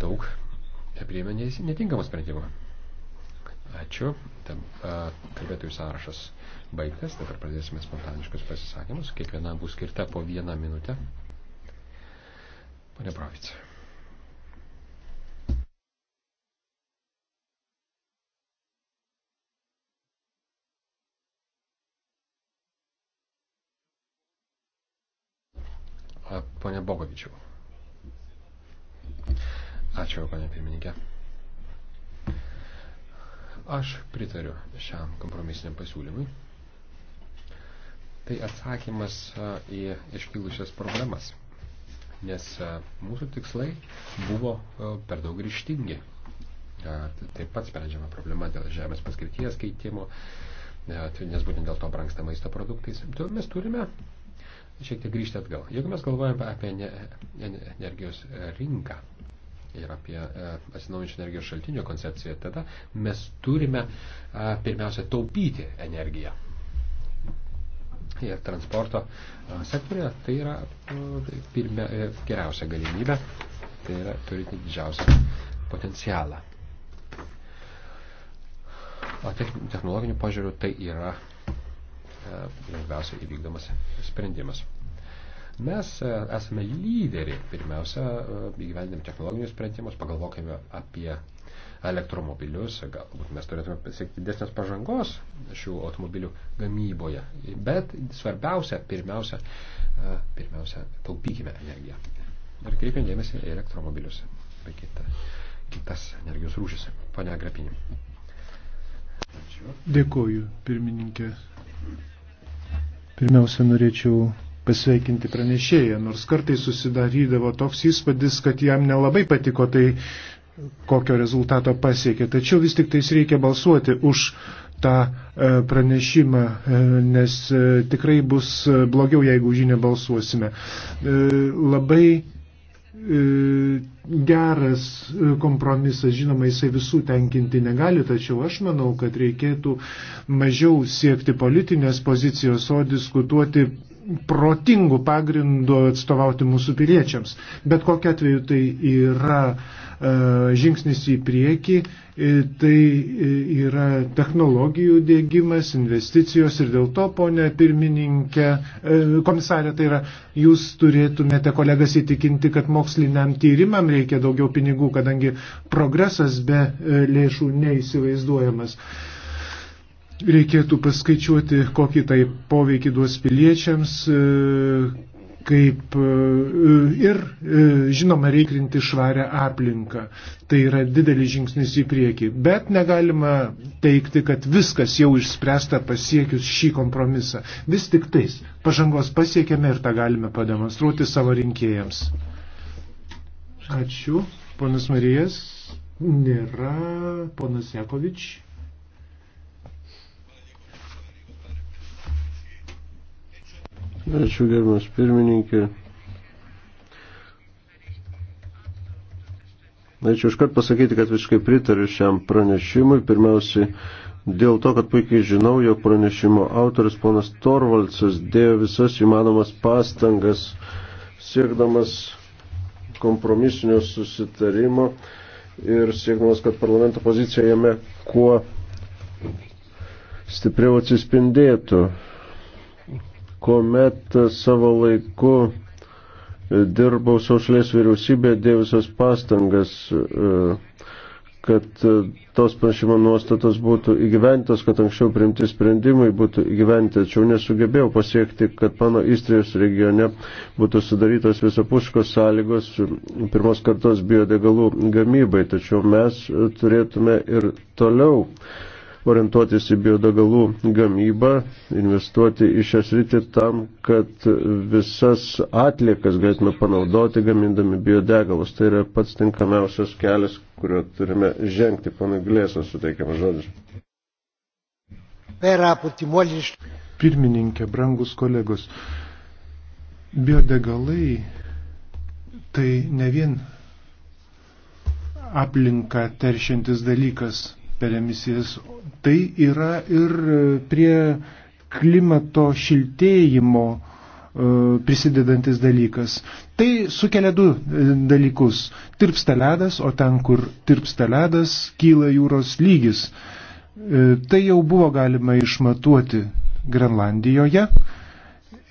daug priėmė netinkamą sprendimą. Ačiū. Kalbėtojų sąrašas baigtas. Dabar pradėsime spontaniškus pasisakymus. Kiekvienam bus skirta po vieną minutę. Pane Provicija. Pone Bogovičiau. Ačiū, ponė pirmininkė. Aš pritariu šiam kompromisiniam pasiūlymui. Tai atsakymas į iškilusias problemas, nes mūsų tikslai buvo per daug ryštingi. Taip pat sprendžiama problema dėl žemės paskirties keitimo, nes būtent dėl to brangsta maisto produktais. Mes turime šiek tiek grįžti atgal. Jeigu mes galvojame apie energijos rinką ir apie e, atsinaujančių energijos šaltinių koncepciją, tada mes turime e, pirmiausia taupyti energiją. Ir transporto e, sektorija tai yra pirmia, geriausia galimybė, tai yra turėti didžiausią potencialą. O technologinių požiūrių tai yra E, lengviausiai įvykdomas sprendimas. Mes e, esame lyderiai. Pirmiausia, e, įgyvendėm technologinius sprendimus, pagalvokime apie elektromobilius. Galbūt mes turėtume pasiekti didesnės pažangos šių automobilių gamyboje. Bet svarbiausia, pirmiausia, pirmiausia taupykime energiją. Ir kreipiam dėmesį į elektromobilius bei kita, kitas energijos rūšis. Pane Agrapinė. Dėkuoju, pirmininkė. Pirmiausia, norėčiau pasveikinti pranešėją, nors kartai susidarydavo toks įspūdis, kad jam nelabai patiko tai, kokio rezultato pasiekė. Tačiau vis tik tais reikia balsuoti už tą e, pranešimą, e, nes e, tikrai bus blogiau, jeigu už jį nebalsuosime. Labai E, geras kompromisas, žinoma, jisai visų tenkinti negali, tačiau aš manau, kad reikėtų mažiau siekti politinės pozicijos, o diskutuoti protingų pagrindų atstovauti mūsų piliečiams. Bet kokia atveju tai yra e, žingsnis į priekį, e, tai e, yra technologijų dėgymas, investicijos ir dėl to, ponė pirmininkė, komisarė, tai yra, jūs turėtumėte kolegas įtikinti, kad moksliniam tyrimam reikia daugiau pinigų, kadangi progresas be lėšų neįsivaizduojamas. Reikėtų paskaičiuoti, kokį tai poveikį duos piliečiams, e, kaip e, ir, e, žinoma, reikrinti švarę aplinką. Tai yra didelis žingsnis į priekį. Bet negalima teikti, kad viskas jau išspręsta pasiekius šį kompromisą. Vis tik tais pažangos pasiekėme ir tą galime pademonstruoti savo rinkėjams. Ačiū. Ponas Marijas. Nėra. Ponas Jakovičius. Ačiū gerbiamas pirmininkė. Norėčiau iškart pasakyti, kad visiškai pritariu šiam pranešimui. Pirmiausiai dėl to, kad puikiai žinau, jog pranešimo autoris ponas Torvaldsas dėjo visas įmanomas pastangas siekdamas kompromisinio susitarimo ir siekdamas, kad parlamento pozicija jame kuo stipriau atsispindėtų kuomet savo laiku dirbau saušlės vyriausybė, dėvisas pastangas, e, kad tos prašymo nuostatos būtų įgyventos, kad anksčiau priimti sprendimai būtų įgyventi, tačiau nesugebėjau pasiekti, kad mano Istrijos regione būtų sudarytos visapuškos sąlygos pirmos kartos biodegalų gamybai, tačiau mes turėtume ir toliau orientuotis į biodagalų gamybą, investuoti į šią sritį tam, kad visas atliekas galėtume panaudoti gamindami biodegalus. Tai yra pats tinkamiausias kelias, kurio turime žengti. Pana Glėsas suteikiamas žodis. Pirmininkė, brangus kolegos, biodegalai tai ne vien aplinką teršiantis dalykas, per emisijas. Tai yra ir e, prie klimato šiltėjimo e, prisidedantis dalykas. Tai sukelia du e, dalykus. Tirpsta ledas, o ten, kur tirpsta ledas, kyla jūros lygis. Tai jau buvo galima išmatuoti Grenlandijoje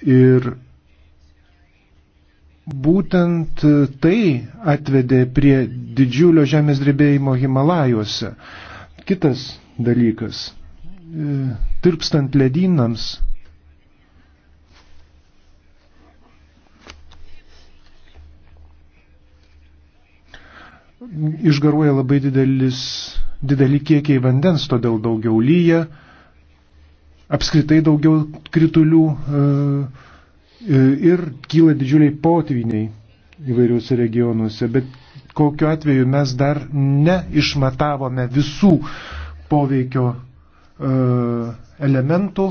ir būtent tai atvedė prie didžiulio žemės drebėjimo Himalajuose. Kitas dalykas. E, tirpstant ledynams išgaruoja labai didelis, dideli kiekiai vandens, todėl daugiau lyja, apskritai daugiau kritulių e, e, ir kyla didžiuliai potviniai įvairiuose regionuose. Bet kokiu atveju mes dar neišmatavome visų poveikio e, elementų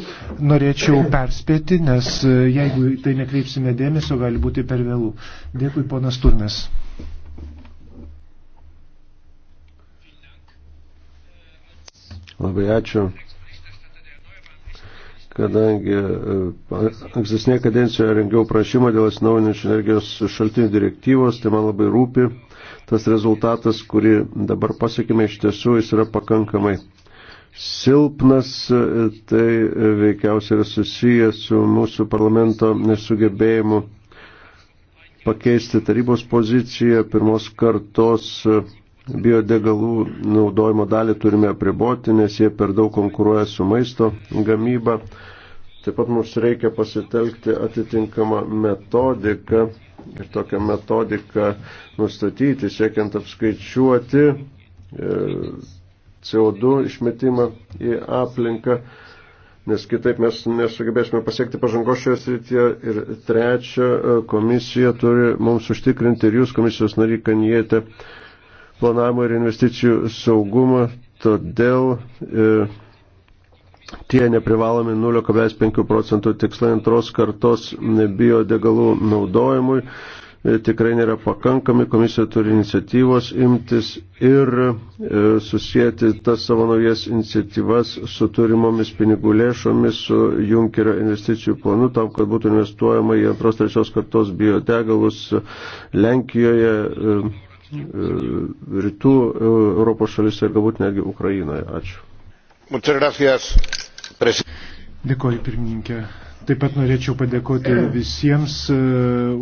norėčiau perspėti, nes e, jeigu tai nekreipsime dėmesio, gali būti per vėlų. Dėkui, ponas Turmes. Labai ačiū. Kadangi e, ankstesnėje kadencijoje rengiau prašymą dėl atsinaujinančių energijos šaltinių direktyvos, tai man labai rūpi tas rezultatas, kurį dabar pasiekime, iš tiesų jis yra pakankamai silpnas, tai veikiausiai yra susijęs su mūsų parlamento nesugebėjimu pakeisti tarybos poziciją, pirmos kartos biodegalų naudojimo dalį turime apriboti, nes jie per daug konkuruoja su maisto gamyba. Taip pat mums reikia pasitelkti atitinkamą metodiką ir tokią metodiką nustatyti, siekiant apskaičiuoti e, CO2 išmetimą į aplinką, nes kitaip mes nesugebėsime pasiekti pažangos šioje srityje. Ir trečia, e, komisija turi mums užtikrinti ir jūs, komisijos nariai, kanijėte planavimo ir investicijų saugumą, todėl e, tie neprivalomi 0,5 procentų tikslai antros kartos biodegalų naudojimui e, tikrai nėra pakankami, komisija turi iniciatyvos imtis ir e, susijęti tas savo naujas iniciatyvas su turimomis pinigų lėšomis, su Junkerio investicijų planu, tam, kad būtų investuojama į antros trečios kartos biodegalus Lenkijoje, e, rytų Europos šalise ir galbūt netgi Ukrainoje. Ačiū. Dėkoju pirmininkė. Taip pat norėčiau padėkoti visiems e,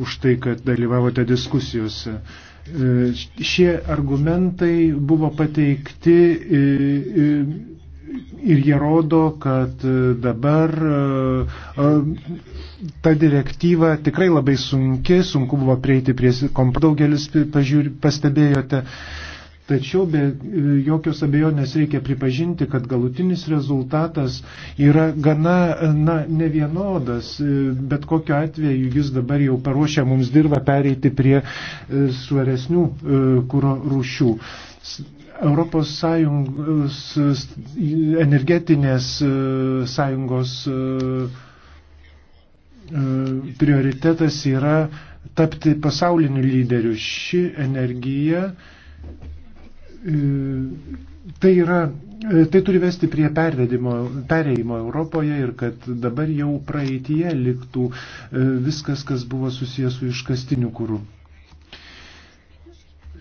už tai, kad dalyvavote diskusijose. E, šie argumentai buvo pateikti e, ir jie rodo, kad dabar ta direktyva tikrai labai sunki, sunku buvo prieiti prie kompromiso, daugelis pažiūrė, pastebėjote. Tačiau be e, jokios abejonės reikia pripažinti, kad galutinis rezultatas yra gana e, na, nevienodas, e, bet kokiu atveju jis dabar jau paruošia mums dirbą pereiti prie svaresnių kūro rūšių. Europos sąjungos, energetinės sąjungos prioritetas yra tapti pasauliniu lyderiu. Ši energija E, tai, yra, e, tai turi vesti prie perėjimo Europoje ir kad dabar jau praeitie liktų e, viskas, kas buvo susijęs su iškastiniu kūru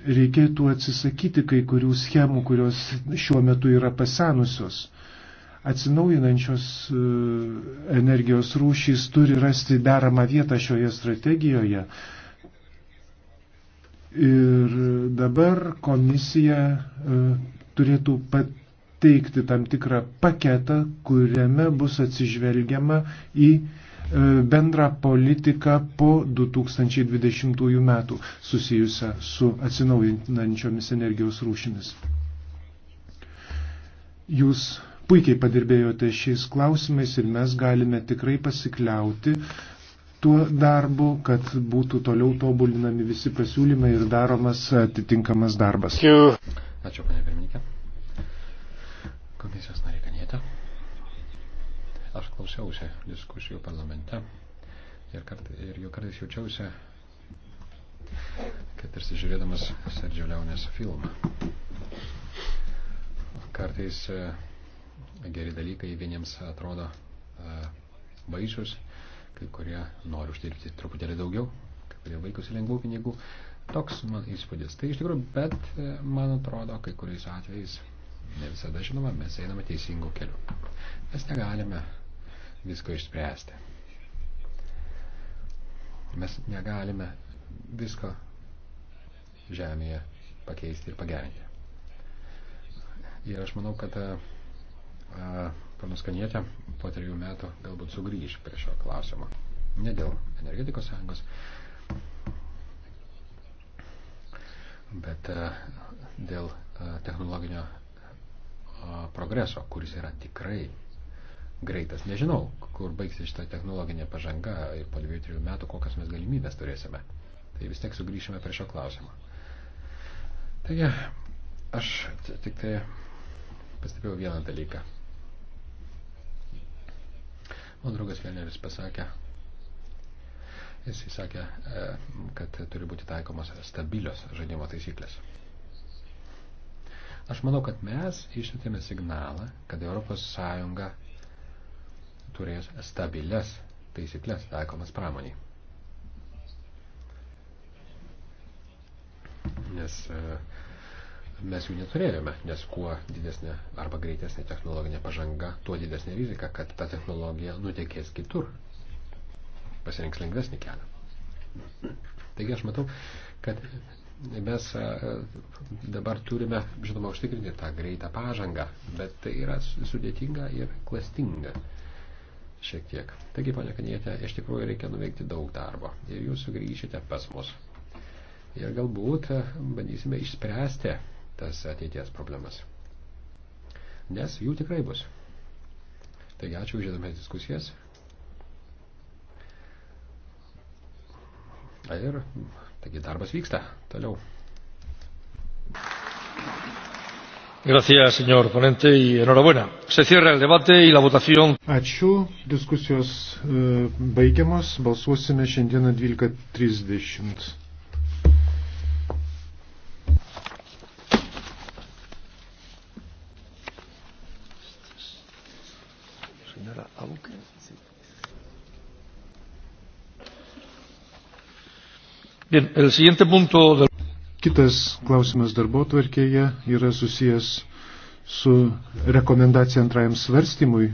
reikėtų atsisakyti kai kurių schemų, kurios šiuo metu yra pasenusios. Atsinaujinančios energijos rūšys turi rasti deramą vietą šioje strategijoje. Ir dabar komisija e, turėtų pateikti tam tikrą paketą, kuriame bus atsižvelgiama į e, bendrą politiką po 2020 metų susijusią su atsinaujinančiomis energijos rūšimis. Jūs puikiai padirbėjote šiais klausimais ir mes galime tikrai pasikliauti uh, tuo darbu, kad būtų toliau tobulinami visi pasiūlymai ir daromas atitinkamas darbas. Ačiū, panė pirmininkė. Komisijos narė Kanietė. Aš klausiausi diskusijų parlamente ir, kart, ir jau kartais jaučiausi, kad tarsi žiūrėdamas Serdžio Leonės filmą. Kartais e, geri dalykai vieniems atrodo e, baisus, kai kurie nori uždirbti truputėlį daugiau, kai kurie laikosi lengvų pinigų. Toks man įspūdis. Tai iš tikrųjų, bet e, man atrodo, kai kuriais atvejais, ne visada žinoma, mes einame teisingu keliu. Mes negalime visko išspręsti. Mes negalime visko žemėje pakeisti ir pagerinti. Ir aš manau, kad a, e, a, e, Panas Kanietė po trijų metų galbūt sugrįž prie šio klausimo. Ne dėl energetikos sąjungos, bet e, dėl e, technologinio e, progreso, kuris yra tikrai greitas. Nežinau, kur baigsis šitą technologinę pažangą ir po dviejų, trijų metų kokias mes galimybės turėsime. Tai vis tiek sugrįšime prie šio klausimo. Taigi, aš tik tai pastebėjau vieną dalyką. Mano draugas Velneris pasakė, jis įsakė, e, kad turi būti taikomos stabilios žaidimo taisyklės. Aš manau, kad mes išsiuntėme signalą, kad ES turės stabilias taisyklės taikomas pramoniai. Nes uh, mes jų neturėjome, nes kuo didesnė arba greitesnė technologinė pažanga, tuo didesnė rizika, kad ta technologija nutekės kitur, pasirinks lengvesnį kelią. Taigi aš matau, kad mes dabar turime, žinoma, užtikrinti tą greitą pažangą, bet tai yra sudėtinga ir klastinga šiek tiek. Taigi, ponia Kanietė, iš tikrųjų reikia nuveikti daug darbo ir jūs sugrįšite pas mus. Ir galbūt bandysime išspręsti tas ateities problemas. Nes jų tikrai bus. Taigi ačiū už įdomias diskusijas. Ir taigi darbas vyksta toliau. Gracias, señor ponente, y enhorabuena. Se cierra el debate y la votación. Ačiū. Diskusijos e, baigiamos. Balsuosime šiandieną 12.30. Bien, el siguiente punto del... Kitas klausimas darbo tvarkėje yra susijęs su rekomendacija antrajam svarstymui